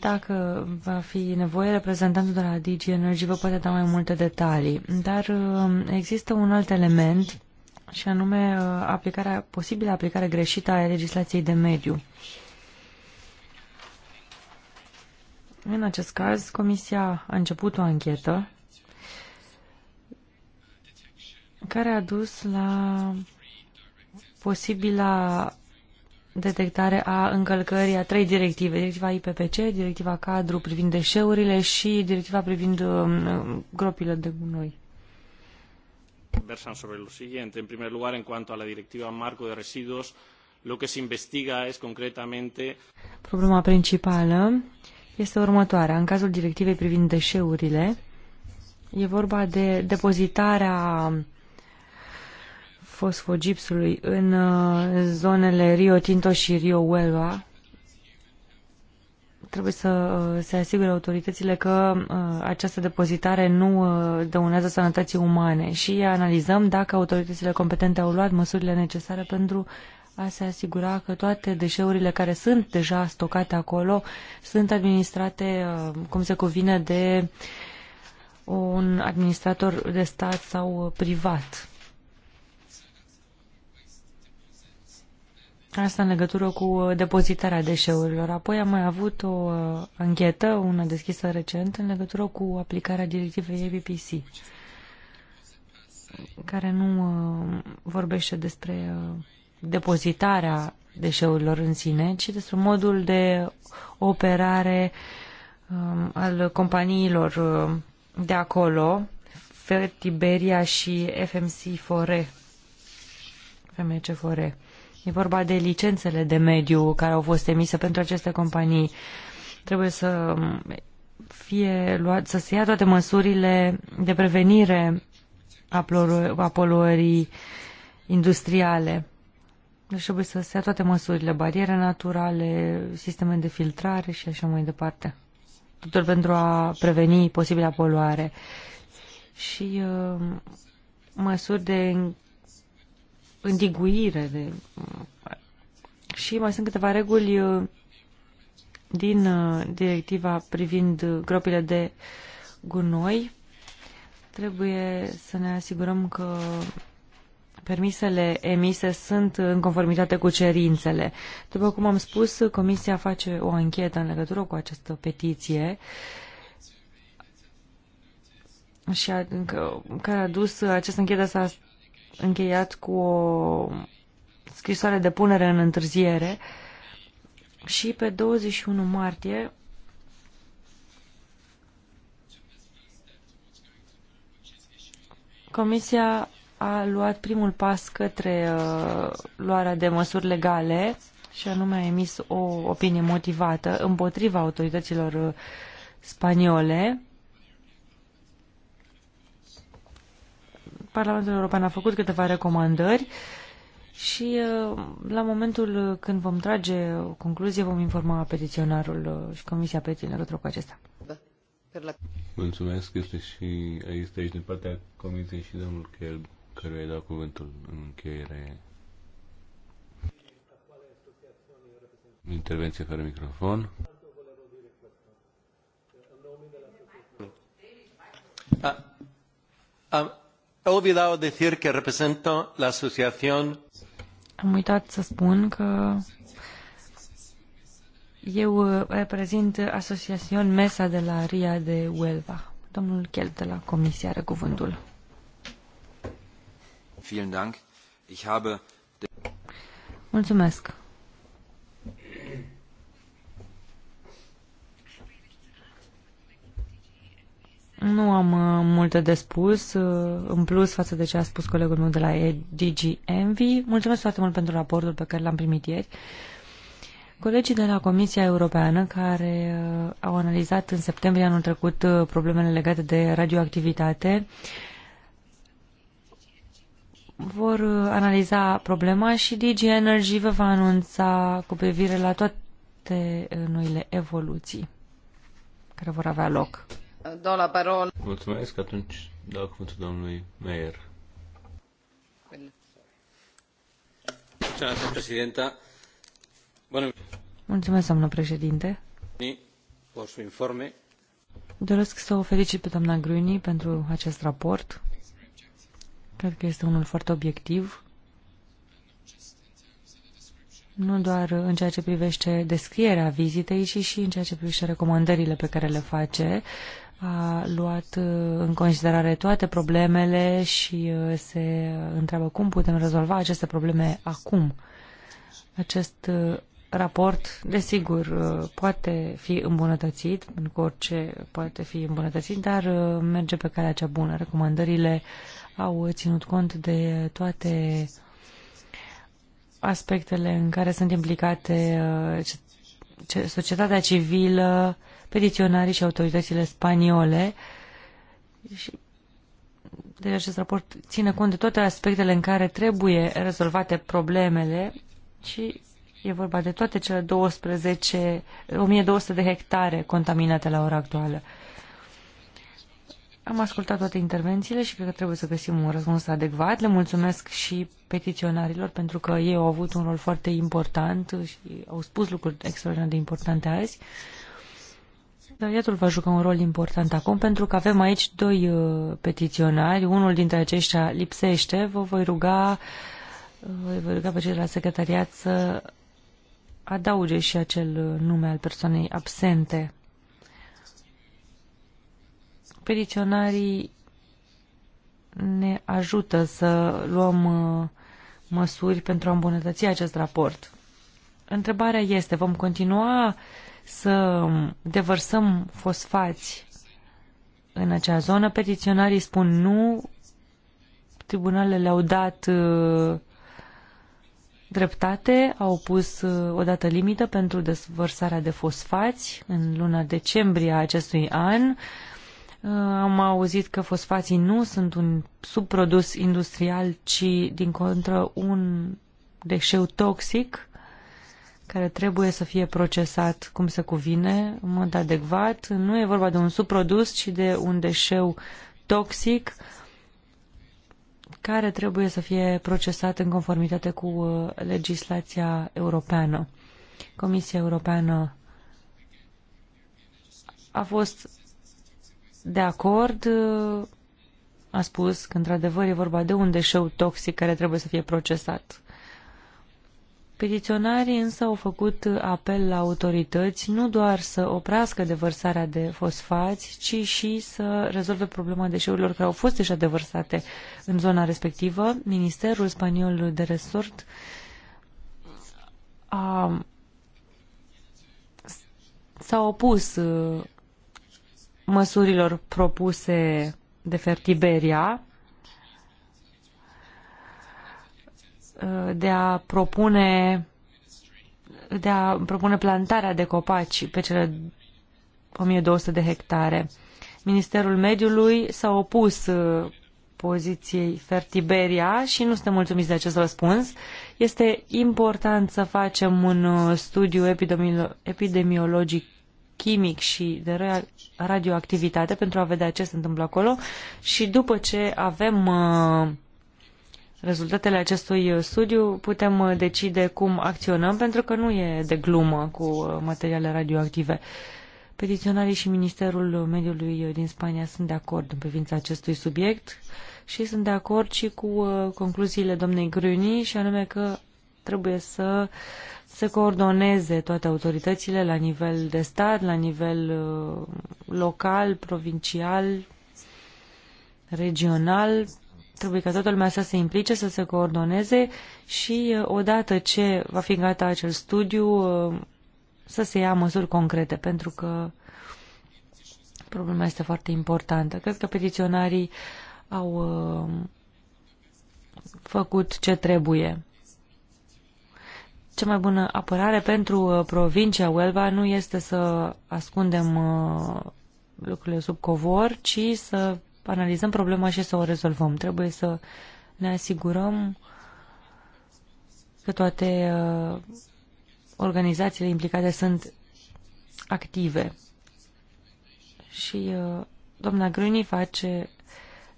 Dacă va fi nevoie, reprezentantul de la DG Energy vă poate da mai multe detalii. Dar există un alt element și anume aplicarea, posibilă aplicare greșită a legislației de mediu. Uh, În acest caz, Comisia a început o anchetă care a dus la posibila detectare a încălcării a trei directive, directiva IPPC, directiva cadru privind deșeurile și directiva privind um, gropile de gunoi.
Versan sobre lo siguiente. En primer lugar, en cuanto a la directiva marco de residuos, lo que se investiga es concretamente...
Problema principală este următoarea. În cazul directivei privind deșeurile, e vorba de depozitarea fosfogipsului în uh, zonele Rio Tinto și Rio Uelva. Trebuie să uh, se asigure autoritățile că uh, această depozitare nu dăunează sănătății umane și analizăm dacă autoritățile competente au luat măsurile necesare pentru a se asigura că toate deșeurile care sunt deja stocate acolo sunt administrate uh, cum se cuvine de un administrator de stat sau privat. Asta în legătură cu depozitarea deșeurilor. Apoi am mai avut o uh, anchetă, una deschisă recent, în legătură cu aplicarea directivei EBPC, care nu uh, vorbește despre depozitarea deșeurilor în sine, ci despre modul de operare um, al companiilor um, de acolo, Fertiberia și FMC Fore. FMC Fore. E vorba de licențele de mediu care au fost emise pentru aceste companii. Trebuie să um, fie luat, să se ia toate măsurile de prevenire a poluării industriale. Deci trebuie să se ia toate măsurile, bariere naturale, sisteme de filtrare și așa mai departe. Totul pentru a preveni posibila poluare. Și uh, măsuri de îndiguire. De... Uh, și mai sunt câteva reguli uh, din uh, directiva privind gropile de gunoi. Trebuie să ne asigurăm că permisele emise sunt în conformitate cu cerințele. După cum am spus, Comisia face o anchetă în legătură cu această petiție și a, care a dus această închetă s-a încheiat cu o scrisoare de punere în întârziere și pe 21 martie Comisia a luat primul pas către uh, luarea de măsuri legale și anume a emis o opinie motivată împotriva autorităților uh, spaniole. Parlamentul European a făcut câteva recomandări și uh, la momentul când vom trage o concluzie vom informa petiționarul și Comisia Petiției cu acesta.
Mulțumesc, este și este aici din partea Comisiei și domnul Kelb căruia îi dau cuvântul în încheiere. Intervenție fără microfon.
Ah, am, ah, he olvidado decir que represento la asociación.
Am uitat să spun că eu uh, reprezint asociațion Mesa de la Ria de Huelva. Domnul Chel de la Comisia are cuvântul.
Vielen Dank. Ich habe
Mulțumesc. Nu am uh, multe de spus, uh, în plus față de ce a spus colegul meu de la DG Envy. Mulțumesc foarte mult pentru raportul pe care l-am primit ieri. Colegii de la Comisia Europeană, care uh, au analizat în septembrie anul trecut uh, problemele legate de radioactivitate, uh, vor uh, analiza problema și DG Energy vă va anunța cu privire la toate uh, noile evoluții care vor avea loc.
Doamna la parol. Mulțumesc, atunci
dau cuvântul domnului Meier.
Mulțumesc, doamnă președinte. Doresc să o felicit pe doamna Gruni pentru acest raport. Cred că este unul foarte obiectiv, nu doar în ceea ce privește descrierea vizitei, ci și în ceea ce privește recomandările pe care le face. A luat uh, în considerare toate problemele și uh, se întreabă cum putem rezolva aceste probleme acum. Acest uh, raport, desigur, poate fi îmbunătățit, pentru că orice poate fi îmbunătățit, dar merge pe calea cea bună. Recomandările au ținut cont de toate aspectele în care sunt implicate uh, societatea civilă, petiționarii și autoritățile spaniole. Și deci acest raport ține cont de toate aspectele în care trebuie rezolvate problemele și e vorba de toate cele 12, 1200 de hectare contaminate la ora actuală. Am ascultat toate intervențiile și cred că trebuie să găsim un răspuns adecvat. Le mulțumesc și petiționarilor pentru că ei au avut un rol foarte important și au spus lucruri extraordinar de importante azi. Dar iatul va juca un rol important acum pentru că avem aici doi uh, petiționari. Unul dintre aceștia lipsește. Vă voi ruga, uh, vă voi ruga pe cei de la secretariat să adauge și acel uh, nume al persoanei absente expediționarii ne ajută să luăm uh, măsuri pentru a îmbunătăți acest raport. Întrebarea este, vom continua să devărsăm fosfați în acea zonă? Petiționarii spun nu, tribunalele le-au dat uh, dreptate, au pus uh, o dată limită pentru desvărsarea de fosfați în luna decembrie a acestui an. Uh, am auzit că fosfații nu sunt un subprodus industrial, ci din contră un deșeu toxic care trebuie să fie procesat cum se cuvine, în mod adecvat. Nu e vorba de un subprodus, ci de un deșeu toxic care trebuie să fie procesat în conformitate cu uh, legislația europeană. Comisia Europeană a fost de acord, a spus că într-adevăr e vorba de un deșeu toxic care trebuie să fie procesat. Petiționarii însă au făcut apel la autorități nu doar să oprească devărsarea de fosfați, ci și să rezolve problema deșeurilor care au fost deja devărsate în zona respectivă. Ministerul spaniol de resort a s-a opus uh, măsurilor propuse de Fertiberia uh, de a propune de a propune plantarea de copaci pe cele 1200 de hectare. Ministerul Mediului s-a opus uh, poziției Fertiberia și nu suntem mulțumiți de acest răspuns. Este important să facem un uh, studiu epidemiologic chimic și de radioactivitate pentru a vedea ce se întâmplă acolo și după ce avem uh, rezultatele acestui uh, studiu putem uh, decide cum acționăm pentru că nu e de glumă cu materiale radioactive. Petiționarii și Ministerul Mediului din Spania sunt de acord în privința acestui subiect și sunt de acord și cu concluziile doamnei Gruni și anume că trebuie să se coordoneze toate autoritățile la nivel de stat, la nivel uh, local, provincial, regional. Trebuie ca toată lumea să se implice, să se coordoneze și uh, odată ce va fi gata acel studiu, uh, să se ia măsuri concrete, pentru că problema este foarte importantă. Cred că petiționarii au făcut ce trebuie. Cea mai bună apărare pentru uh, provincia Huelva nu este să ascundem uh, lucrurile sub covor, ci să analizăm problema și să o rezolvăm. Trebuie să ne asigurăm că toate uh, organizațiile implicate sunt active. Și doamna Grâni face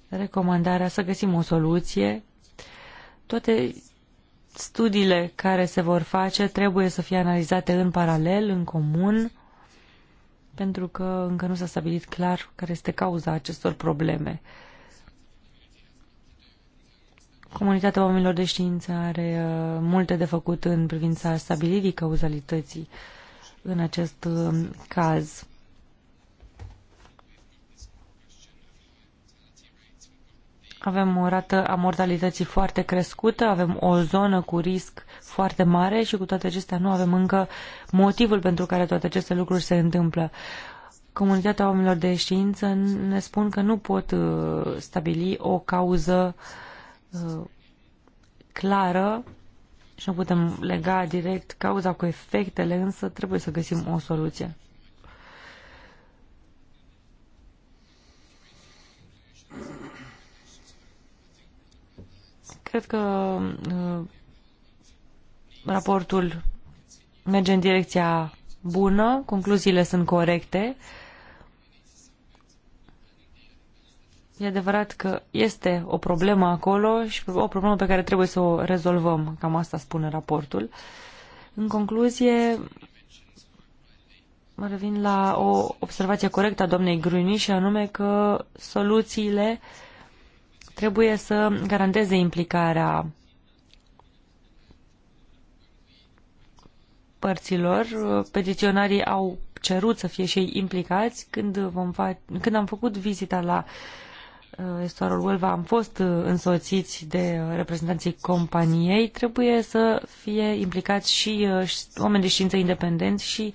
recomandarea să găsim o soluție. Toate studiile care se vor face trebuie să fie analizate în paralel, în comun, pentru că încă nu s-a stabilit clar care este cauza acestor probleme. Comunitatea oamenilor de știință are uh, multe de făcut în privința stabilirii cauzalității în acest uh, caz. Avem o rată a mortalității foarte crescută, avem o zonă cu risc foarte mare și cu toate acestea nu avem încă motivul pentru care toate aceste lucruri se întâmplă. Comunitatea oamenilor de știință ne spun că nu pot uh, stabili o cauză uh, clară și nu putem lega direct cauza cu efectele, însă trebuie să găsim o soluție. Cred că uh, raportul merge în direcția bună, concluziile sunt corecte. E adevărat că este o problemă acolo și o problemă pe care trebuie să o rezolvăm, cam asta spune raportul. În concluzie, mă revin la o observație corectă a doamnei Gruni și anume că soluțiile uh, trebuie să garanteze implicarea părților. Petiționarii au cerut să fie și ei implicați. Când, vom fa- când am făcut vizita la uh, estuarul Uelva, am fost uh, însoțiți de uh, reprezentanții companiei. Trebuie să fie implicați și oameni de știință independenți și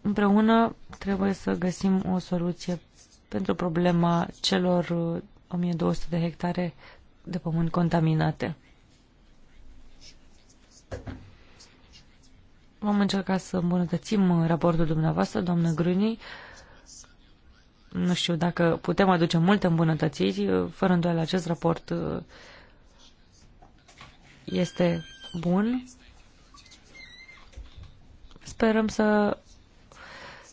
împreună trebuie să găsim o soluție pentru problema celor 1200 uh, de hectare de pământ contaminate. Vom încerca să îmbunătățim raportul dumneavoastră, doamnă Grâni. Nu știu dacă putem aduce multe îmbunătățiri. Uh, fără îndoială, acest raport uh, este bun. Sperăm să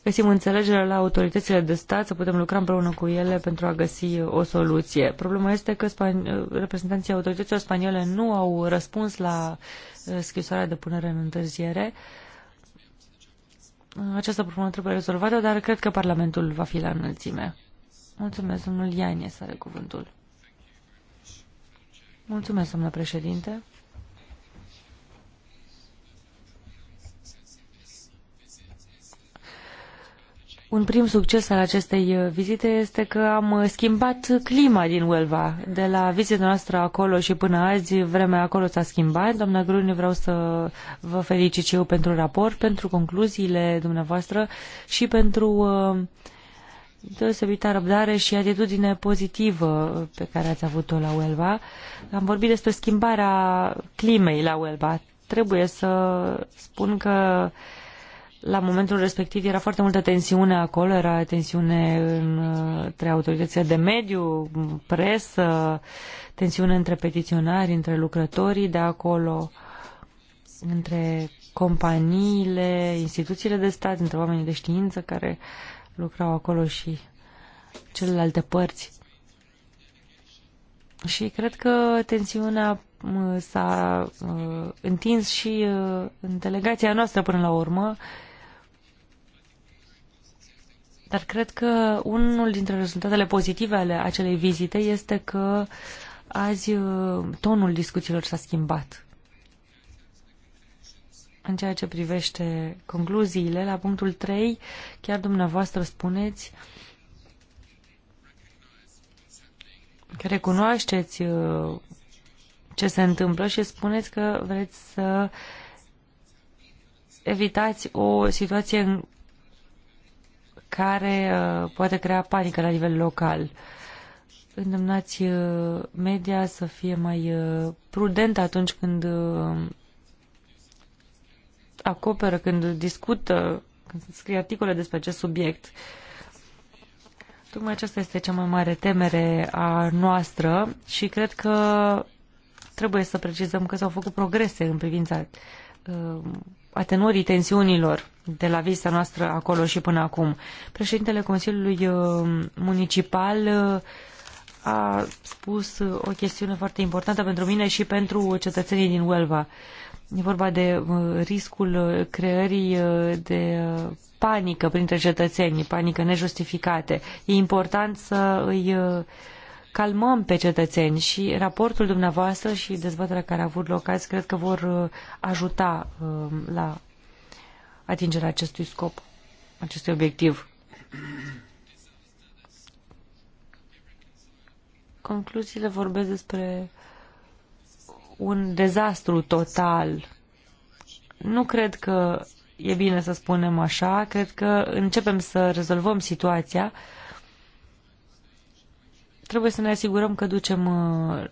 găsim înțelegere la autoritățile de stat, să putem lucra împreună cu ele pentru a găsi o soluție. Problema este că span- reprezentanții autorităților spaniole nu au răspuns la uh, scrisoarea de punere în întârziere. Această problemă trebuie rezolvată, dar cred că Parlamentul va fi la înălțime. Mulțumesc, domnul Ianie, să are cuvântul. Mulțumesc, domnule președinte. Un prim succes al acestei uh, vizite este că am uh, schimbat clima din Uelva. De la vizita noastră acolo și până azi, vremea acolo s-a schimbat. Doamna Gruni, vreau să vă felicit și eu pentru raport, pentru concluziile dumneavoastră și pentru uh, deosebită răbdare și atitudine pozitivă pe care ați avut-o la Uelva. Am vorbit despre schimbarea climei la Uelva. Trebuie să spun că la momentul respectiv era foarte multă tensiune acolo, era tensiune între autoritățile de mediu, presă, tensiune între petiționari, între lucrătorii de acolo, între companiile, instituțiile de stat, între oamenii de știință care lucrau acolo și celelalte părți. Și cred că tensiunea s-a uh, întins și uh, în delegația noastră până la urmă dar cred că unul dintre rezultatele pozitive ale acelei vizite este că azi uh, tonul discuțiilor s-a schimbat. În ceea ce privește concluziile, la punctul 3, chiar dumneavoastră spuneți că recunoașteți uh, ce se întâmplă și spuneți că vreți să evitați o situație care uh, poate crea panică la nivel local. Îndemnați uh, media să fie mai uh, prudentă atunci când acoperă, când discută, când scrie articole despre acest subiect. Tocmai aceasta este cea mai mare temere a noastră și cred că trebuie să precizăm că s-au făcut progrese în privința atenuării tensiunilor de la vizita noastră acolo și până acum. Președintele Consiliului uh, Municipal uh, a spus o chestiune foarte importantă pentru mine și pentru cetățenii din Huelva. E vorba de uh, riscul creării de panică printre cetățenii, panică nejustificate. E important să îi calmăm pe cetățeni și raportul dumneavoastră și dezbaterea care a avut loc azi cred că vor uh, ajuta uh, la atingerea acestui scop, acestui obiectiv. Concluziile vorbesc despre un dezastru total. Nu cred că e bine să spunem așa, cred că începem să rezolvăm situația trebuie să ne asigurăm că ducem uh,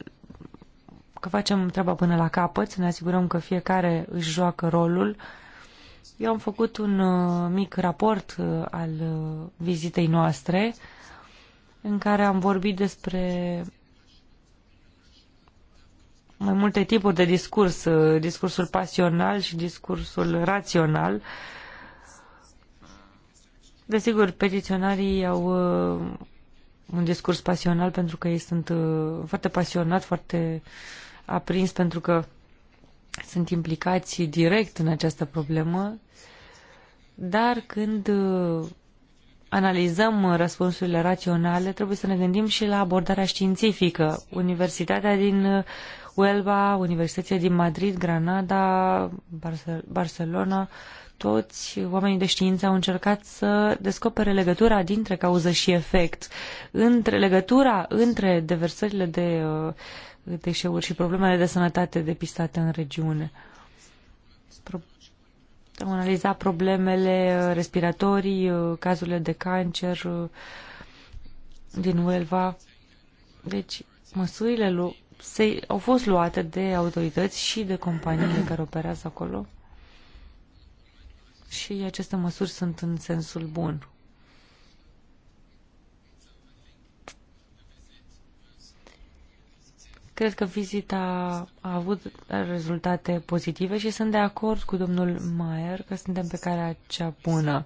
că facem treaba până la capăt, să ne asigurăm că fiecare își joacă rolul. Eu am făcut un uh, mic raport uh, al vizitei noastre în care am vorbit despre mai multe tipuri de discurs, discursul pasional și discursul rațional. Desigur, petiționarii au un discurs pasional pentru că ei sunt uh, foarte pasionat, foarte aprins pentru că sunt implicați direct în această problemă, dar când uh, analizăm răspunsurile raționale, trebuie să ne gândim și la abordarea științifică. Universitatea din uh, Huelva, Universitatea din Madrid, Granada, Barcelona toți oamenii de știință au încercat să descopere legătura dintre cauză și efect, între legătura între deversările de uh, deșeuri și problemele de sănătate depistate în regiune. Pro am analizat problemele uh, respiratorii, uh, cazurile de cancer din Uelva. Deci, măsurile se, au fost luate de autorități și de companiile care operează acolo și aceste măsuri sunt în sensul bun. Cred că vizita a avut rezultate pozitive și sunt de acord cu domnul Mayer că suntem pe calea cea bună.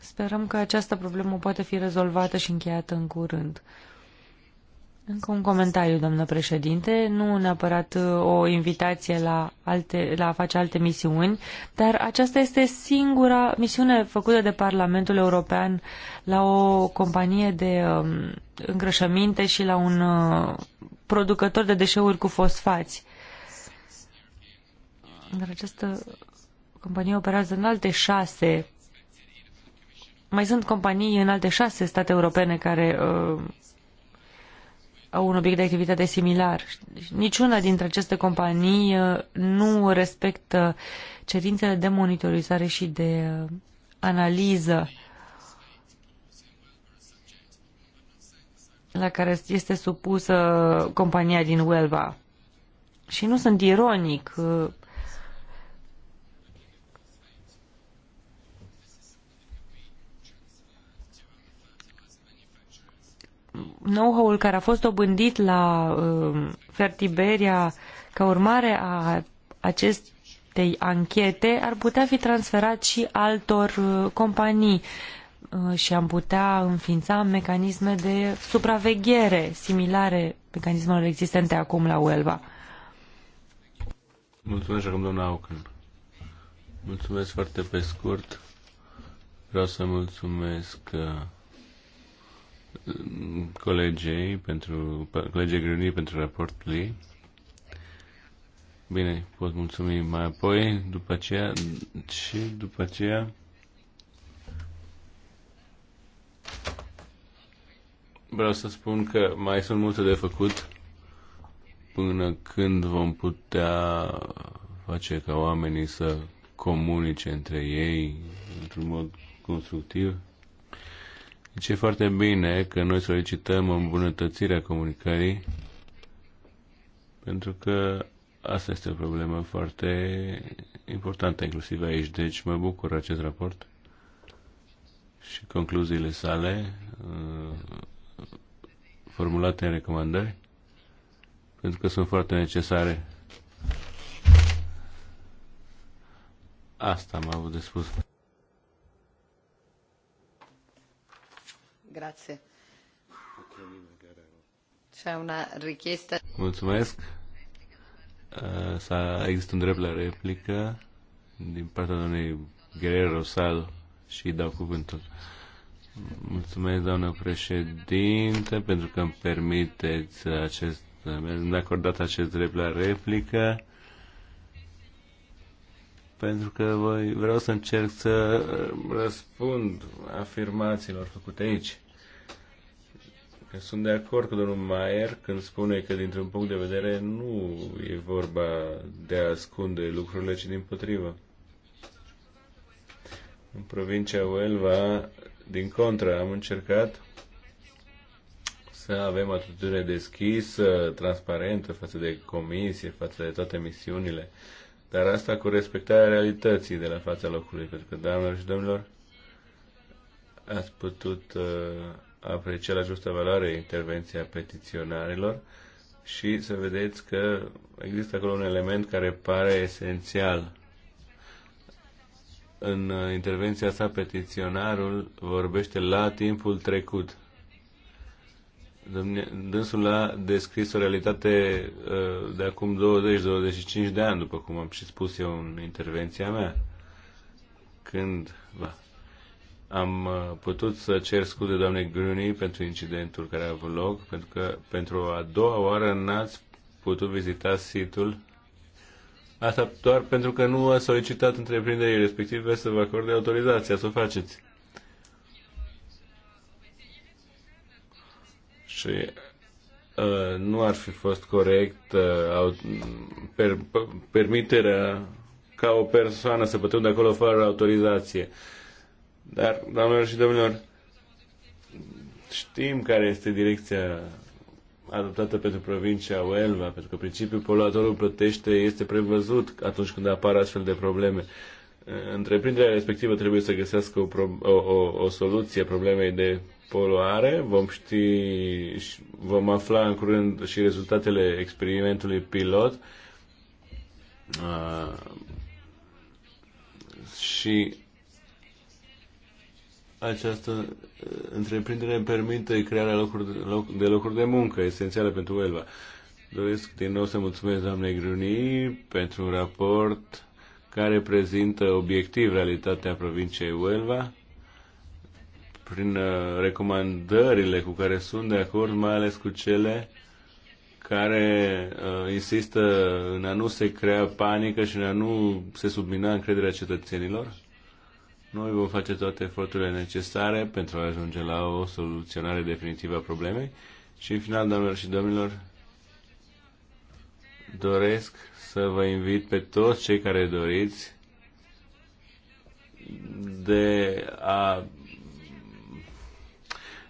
Sperăm că această problemă poate fi rezolvată și încheiată în curând. Încă un comentariu, doamnă președinte, nu neapărat uh, o invitație la, alte, la a face alte misiuni, dar aceasta este singura misiune făcută de Parlamentul European la o companie de um, îngrășăminte și la un uh, producător de deșeuri cu fosfați. Dar această companie operează în alte șase. Mai sunt companii în alte șase state europene care uh, au un obiect de activitate similar. Deci niciuna dintre aceste companii uh, nu respectă cerințele de monitorizare și de uh, analiză la care este supusă compania din Huelva. Și nu sunt ironic, uh, know-how-ul care a fost dobândit la uh, Fertiberia ca urmare a acestei anchete ar putea fi transferat și altor uh, companii uh, și am putea înființa mecanisme de supraveghere similare mecanismelor existente acum la Uelva.
Mulțumesc acum doamna Aucan. Mulțumesc foarte pe scurt. Vreau să mulțumesc uh, colegei pentru, colegii Grânie pentru raportul ei. Bine, pot mulțumi mai apoi, după aceea, și după aceea vreau să spun că mai sunt multe de făcut până când vom putea face ca oamenii să comunice între ei într-un mod constructiv deci e foarte bine că noi solicităm îmbunătățirea comunicării, pentru că asta este o problemă foarte importantă, inclusiv aici. Deci mă bucur acest raport și concluziile sale uh, formulate în recomandări, pentru că sunt foarte necesare. Asta am avut de spus.
Grazie. C'è una richiesta.
Mulțumesc. Eh, s există un drept la replică din partea doamnei Guerrero Rosal și dau cuvântul. Mulțumesc, doamnă președinte, pentru că îmi permiteți acest, mi-am acordat acest drept la replică, pentru că voi, vreau să încerc să răspund afirmațiilor făcute aici. Sunt de acord cu domnul Maier când spune că, dintr-un punct de vedere, nu e vorba de a ascunde lucrurile, ci din potrivă. În provincia Uelva, din contră, am încercat să avem atitudine deschisă, transparentă față de comisie, față de toate misiunile, dar asta cu respectarea realității de la fața locului, pentru că, doamnelor și domnilor, ați putut uh, aprecia la justă valoare intervenția petiționarilor și să vedeți că există acolo un element care pare esențial. În intervenția sa, petiționarul vorbește la timpul trecut. Dânsul a descris o realitate uh, de acum 20-25 de ani, după cum am și spus eu în intervenția mea, când am uh, putut să cer scuze doamnei Gruni pentru incidentul care a avut loc, pentru că pentru a doua oară n-ați putut vizita situl. Asta doar pentru că nu a solicitat întreprinderii respective să vă acorde autorizația să o faceți. Și uh, nu ar fi fost corect uh, per, permiterea ca o persoană să pătrundă acolo fără autorizație. Uh, dar, doamnelor și domnilor, știm care este direcția adoptată pentru provincia Uelva, pentru că principiul poluatorul plătește este prevăzut atunci când apar astfel de probleme. Întreprinderea respectivă trebuie să găsească o, pro- o, o, o soluție problemei de poluare. Vom ști și vom afla în curând și rezultatele experimentului pilot. Uh, și această uh, întreprindere permite crearea locuri de, loc, de locuri de muncă esențiale pentru Elva. Doresc din nou să mulțumesc doamnei Gruni pentru un raport care prezintă obiectiv realitatea provinciei Uelva prin uh, recomandările cu care sunt de acord, mai ales cu cele care uh, insistă în a nu se crea panică și în a nu se submina încrederea cetățenilor noi vom face toate eforturile necesare pentru a ajunge la o soluționare definitivă a problemei și în final, doamnelor și domnilor, doresc să vă invit pe toți cei care doriți de a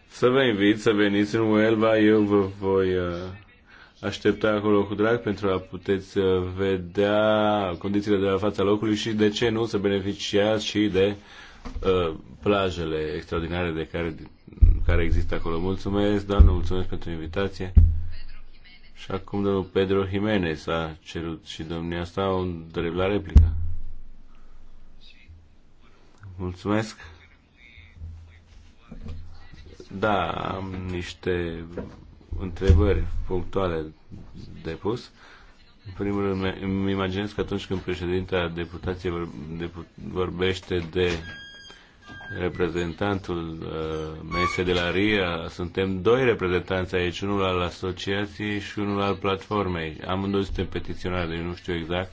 să vă invit să veniți în Uelva, eu vă voi uh, aștepta acolo cu drag pentru a puteți uh, vedea condițiile de la fața locului și de ce nu să beneficiați și de uh, plajele extraordinare de care, care există acolo. Mulțumesc, doamnă, mulțumesc pentru invitație. Și acum domnul Pedro Jimenez a cerut și domnia asta o drept la replică. Mulțumesc. Da, am niște întrebări punctuale de pus. În primul rând, îmi imaginez că atunci când președintele deputației vorbește de reprezentantul uh, mese de la RIA, suntem doi reprezentanți aici, unul al asociației și unul al platformei. Amândoi suntem petiționari, deci nu știu exact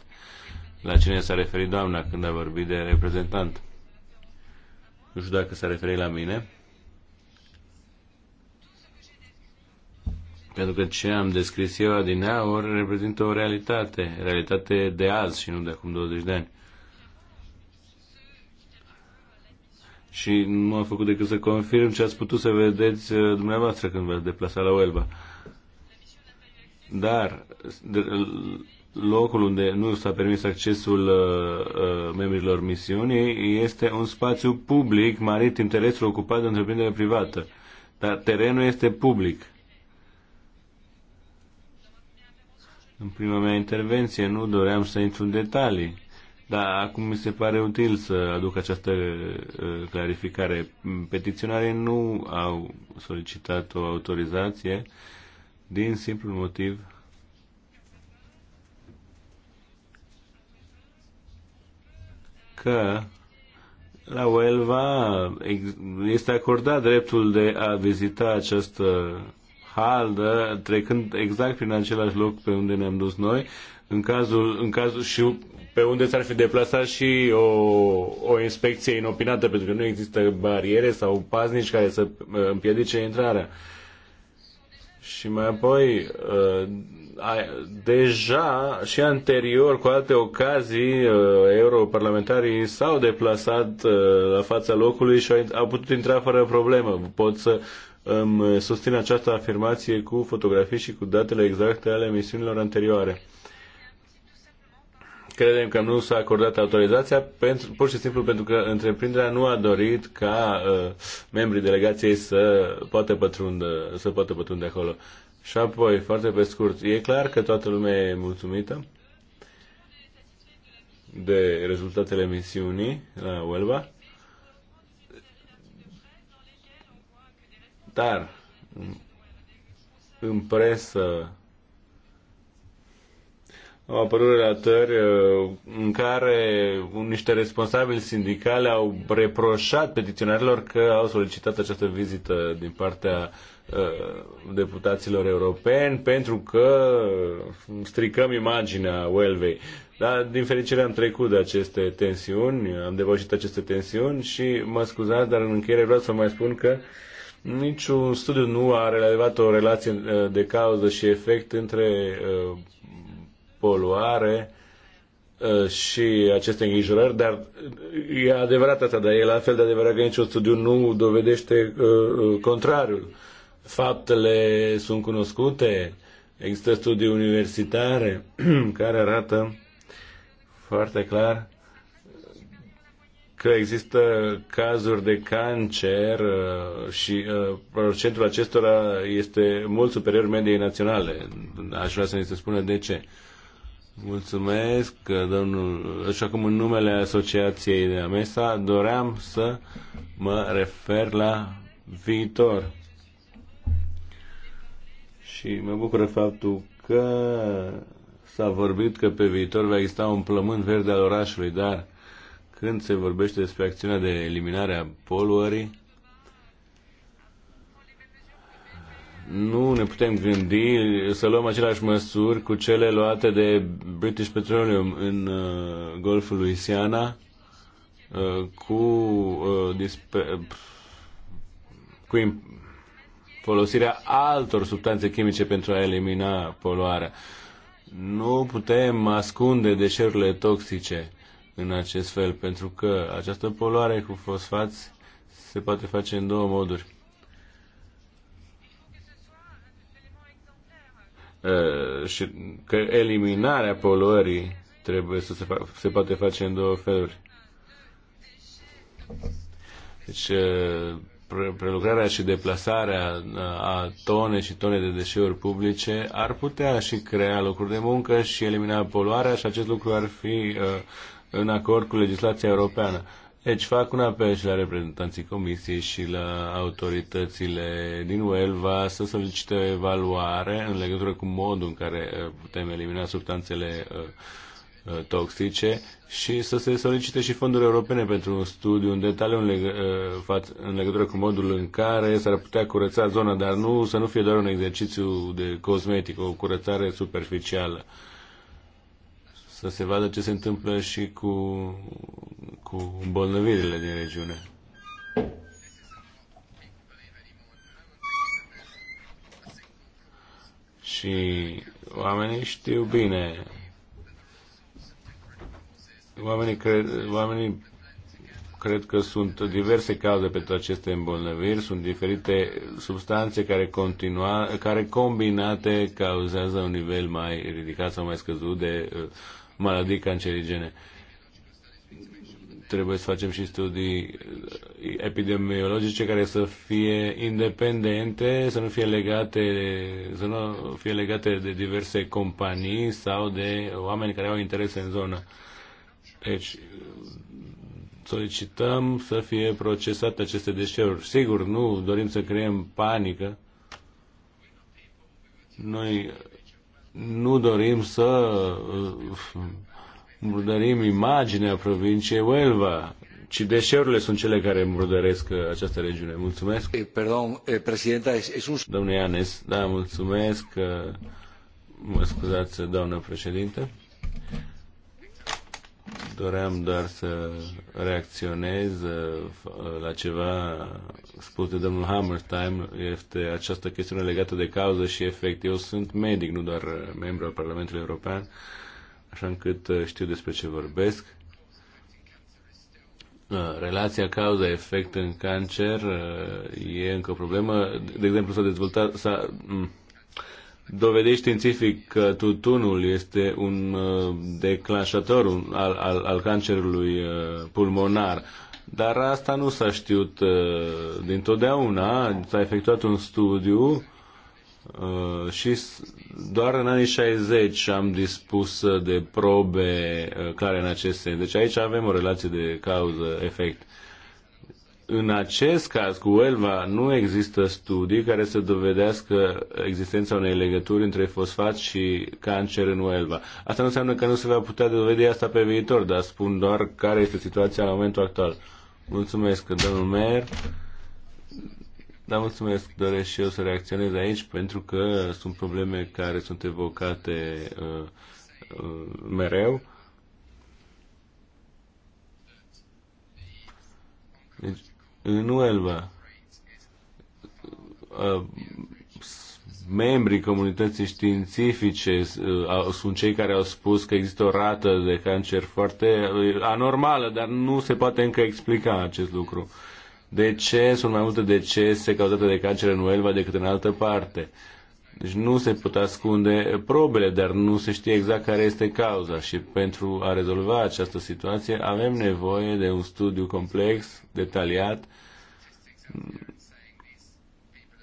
la cine s-a referit doamna când a vorbit de reprezentant. Nu știu dacă s-a referit la mine Pentru că ce am descris eu adineaori reprezintă o realitate, realitate de azi și nu de acum 20 de ani. Și nu am făcut decât să confirm ce ați putut să vedeți uh, dumneavoastră când v-ați deplasat la Uelva. Dar locul unde nu s-a permis accesul uh, uh, membrilor misiunii este un spațiu public marit interesul ocupat de întreprindere privată. Dar terenul este public. În prima mea intervenție nu doream să intru în detalii, dar acum mi se pare util să aduc această ă, clarificare. Petiționarii nu au solicitat o autorizație din simplul motiv că la Uelva este acordat dreptul de a vizita această haldă, trecând exact prin același loc pe unde ne-am dus noi, în cazul, în cazul și pe unde s-ar fi deplasat și o, o inspecție inopinată, pentru că nu există bariere sau paznici care să uh, împiedice intrarea. Și mai apoi, uh, deja și anterior, cu alte ocazii, uh, europarlamentarii s-au deplasat la fața locului și au putut intra fără problemă. Pot să îmi eh, susțin această afirmație cu fotografii și cu datele exacte ale misiunilor anterioare. Credem că nu s-a acordat autorizația pentru, pur și simplu pentru că întreprinderea nu a dorit ca uh, membrii delegației să poată pătrunde, să poată pătrunde acolo. Și apoi, foarte pe scurt, e clar că toată lumea e mulțumită de rezultatele misiunii la Huelva Dar în presă au apărut relatări uh, în care niște responsabili sindicale au reproșat petiționarilor că au solicitat această vizită din partea uh, deputaților europeni pentru că stricăm imaginea Welvei. Dar, din fericire, am trecut de aceste tensiuni, am depășit aceste tensiuni și mă scuzați, dar în încheiere vreau să mai spun că uh, Niciun studiu nu a relevat o relație uh, de cauză și efect între uh, poluare uh, și aceste îngrijorări, dar e adevărat asta, dar e la fel de adevărat că niciun studiu nu dovedește contrariul. Faptele sunt cunoscute, există studii universitare care arată foarte clar că există cazuri de cancer uh, și procentul uh, acestora este mult superior mediei naționale. Aș vrea să ne se spună de ce. Mulțumesc, uh, domnul. Așa cum în numele Asociației de AMESA doream să mă refer la viitor. Și mă bucură faptul că s-a vorbit că pe viitor va exista un plământ verde al orașului, dar când se vorbește despre acțiunea de eliminare a poluării, nu ne putem gândi să luăm aceleași măsuri cu cele luate de British Petroleum în uh, Golful Louisiana uh, cu uh, cu folosirea altor substanțe chimice pentru a elimina poluarea. Nu putem ascunde deșeurile toxice în acest fel, pentru că această poluare cu fosfați se poate face în două moduri. Uh, și că eliminarea poluării trebuie să se, fa- se poate face în două feluri. Deci, uh, pre- prelucrarea și deplasarea uh, a tone și tone de deșeuri publice ar putea și crea locuri de muncă și elimina poluarea și acest lucru ar fi în acord cu legislația europeană. Deci fac un apel și la reprezentanții Comisiei și la autoritățile din Uelva să solicite o evaluare în legătură cu modul în care uh, putem elimina substanțele uh, uh, toxice și să se solicite și fonduri europene pentru un studiu în detaliu în, leg- în legătură cu modul în care s-ar putea curăța zona, dar nu să nu fie doar un exercițiu de cosmetic, o curățare superficială să se vadă ce se întâmplă și cu, cu îmbolnăvirile din regiune. Și oamenii știu bine. Oamenii cred, oamenii cred că sunt diverse cauze pentru aceste îmbolnăviri, sunt diferite substanțe care, continua, care combinate cauzează un nivel mai ridicat sau mai scăzut de maladii cancerigene. Trebuie să facem și studii epidemiologice care să fie independente, să nu fie legate, să nu fie legate de diverse companii sau de oameni care au interese în zonă. Deci, solicităm să fie procesate aceste deșeuri. Sigur, nu dorim să creăm panică. Noi nu dorim să uh, murdărim imaginea provinciei Huelva, ci deșeurile sunt cele care îmbrudăresc uh, această regiune. Mulțumesc. Eh, perdon, eh, președinta, es un... Domnule Ianes, da, mulțumesc. Uh, mă scuzați, doamnă președinte. Doream doar să reacționez uh, la ceva spus de domnul Hammerstein. Este această chestiune legată de cauză și efect. Eu sunt medic, nu doar uh, membru al Parlamentului European, așa încât uh, știu despre ce vorbesc. Relația cauza-efect în cancer e încă o problemă. De exemplu, s-a dezvoltat, s-a, mm, dovedești științific că tutunul este un uh, declanșator al, al, al cancerului uh, pulmonar. Dar asta nu s-a știut uh, din S-a efectuat un studiu și doar în anii 60 am dispus de probe clare în acest sens. Deci aici avem o relație de cauză-efect în acest caz cu Elva nu există studii care să dovedească existența unei legături între fosfat și cancer în Elva. Asta nu înseamnă că nu se va putea dovedi asta pe viitor, dar spun doar care este situația la momentul actual. Mulțumesc, domnul Mer. Dar mulțumesc, doresc și eu să reacționez aici pentru că sunt probleme care sunt evocate uh, uh, mereu. Deci, în Uelva, membrii comunității științifice sunt cei care au spus că există o rată de cancer foarte anormală, dar nu se poate încă explica acest lucru. De ce sunt mai multe decese cauzate de cancer în Uelva decât în altă parte? Uh, deci nu se pot ascunde probele, dar nu se știe exact care este cauza și pentru a rezolva această situație avem nevoie de un studiu complex, detaliat.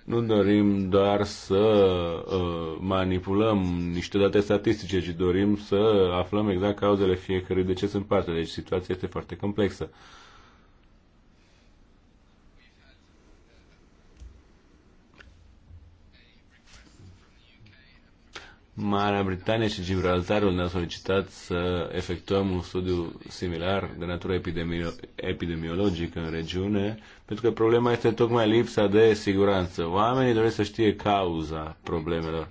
Nu dorim doar să uh, manipulăm niște date statistice, ci dorim să aflăm exact cauzele fiecărui deces în parte. Deci situația este foarte complexă. Uh, Marea Britanie și Gibraltarul ne-au solicitat să efectuăm un studiu similar de natură epidemio- epidemiologică în regiune, pentru că problema este tocmai lipsa de siguranță. Oamenii doresc să știe cauza problemelor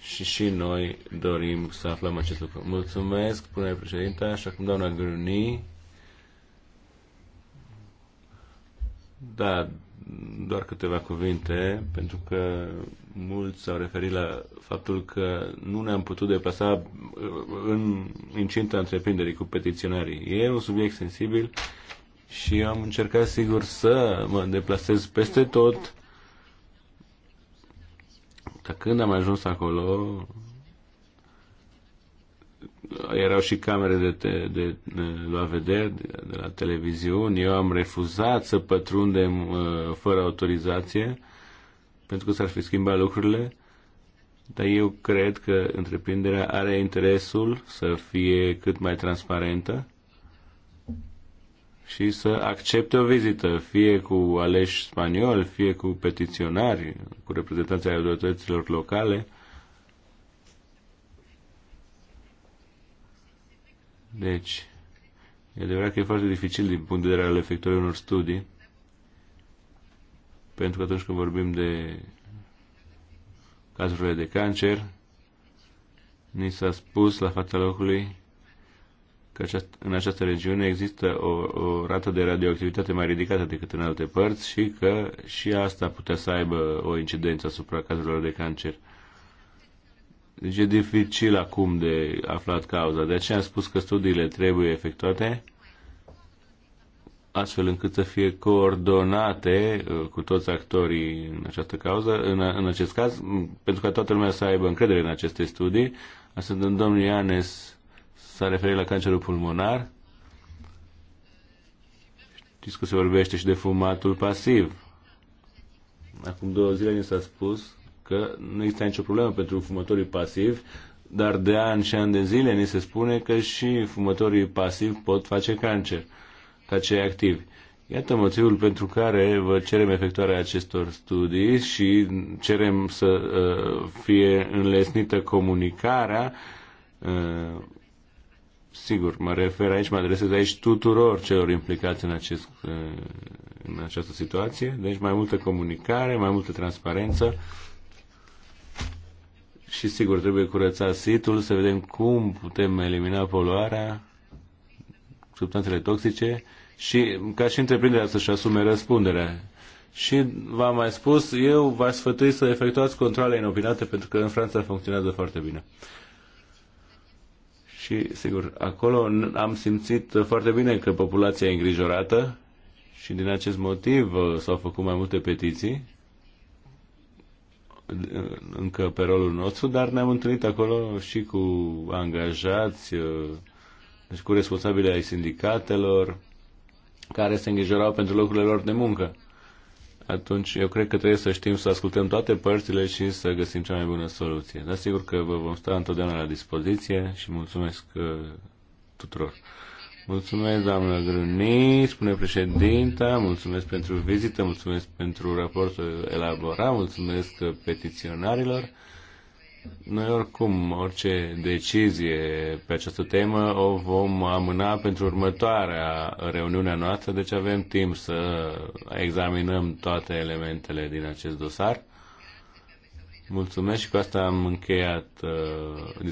și și noi dorim să aflăm acest lucru. Mulțumesc, la președinte, și acum doamna Gruni. Da, doar câteva cuvinte, pentru că mulți s-au referit la faptul că nu ne-am putut deplasa uh, în incinta întreprinderii cu petiționarii. E un subiect sensibil și am încercat, sigur, să mă deplasez peste tot. Dar când am ajuns acolo, erau și camere de, te, de, de la vedere, de, de la televiziuni. Eu am refuzat să pătrundem uh, fără autorizație, pentru că s-ar fi schimbat lucrurile. Dar eu cred că întreprinderea are interesul să fie cât mai transparentă și să accepte o vizită, fie cu aleși spanioli, fie cu petiționari, cu reprezentanții autorităților locale Deci, e adevărat că e foarte dificil din punct de vedere al efectuării unor studii, pentru că atunci când vorbim de cazurile de cancer, ni s-a spus la fața locului că în această regiune există o, o rată de radioactivitate mai ridicată decât în alte părți și că și asta putea să aibă o incidență asupra cazurilor de cancer. Deci e dificil acum de aflat cauza. De aceea am spus că studiile trebuie efectuate astfel încât să fie coordonate uh, cu toți actorii în această cauză, în, în acest caz, pentru ca toată lumea să aibă încredere în aceste studii. Astfel, domnul Ianes s-a referit la cancerul pulmonar. Știți că se vorbește și de fumatul pasiv. Acum două zile ni s-a spus că nu există nicio problemă pentru fumătorii pasivi, dar de ani și ani de zile ni se spune că și fumătorii pasivi pot face cancer ca cei activi. Iată motivul pentru care vă cerem efectuarea acestor studii și cerem să uh, fie înlesnită comunicarea. Uh, sigur, mă refer aici, mă adresez aici tuturor celor implicați în, acest, uh, în această situație. Deci mai multă comunicare, mai multă transparență și sigur trebuie curățat situl, să vedem cum putem elimina poluarea, substanțele toxice și ca și întreprinderea să-și asume răspunderea. Și v-am mai spus, eu v-aș sfătui să efectuați controle inopinate pentru că în Franța funcționează foarte bine. Și, sigur, acolo am simțit foarte bine că populația e îngrijorată și din acest motiv uh, s-au făcut mai multe petiții încă pe rolul nostru, dar ne-am întâlnit acolo și cu angajați, uh, deci cu responsabile ai sindicatelor, care se îngrijorau pentru locurile lor de muncă. Atunci, eu cred că trebuie să știm să ascultăm toate părțile și să găsim cea mai bună soluție. Dar sigur că vă vom sta întotdeauna la dispoziție și mulțumesc uh, tuturor. Mulțumesc, doamnă Gruni, spune președinta, mulțumesc pentru vizită, mulțumesc pentru raportul elaborat, mulțumesc petiționarilor. Noi oricum, orice decizie pe această temă o vom amâna pentru următoarea reuniune noastră, deci avem timp să examinăm toate elementele din acest dosar. Mulțumesc și cu asta am încheiat uh,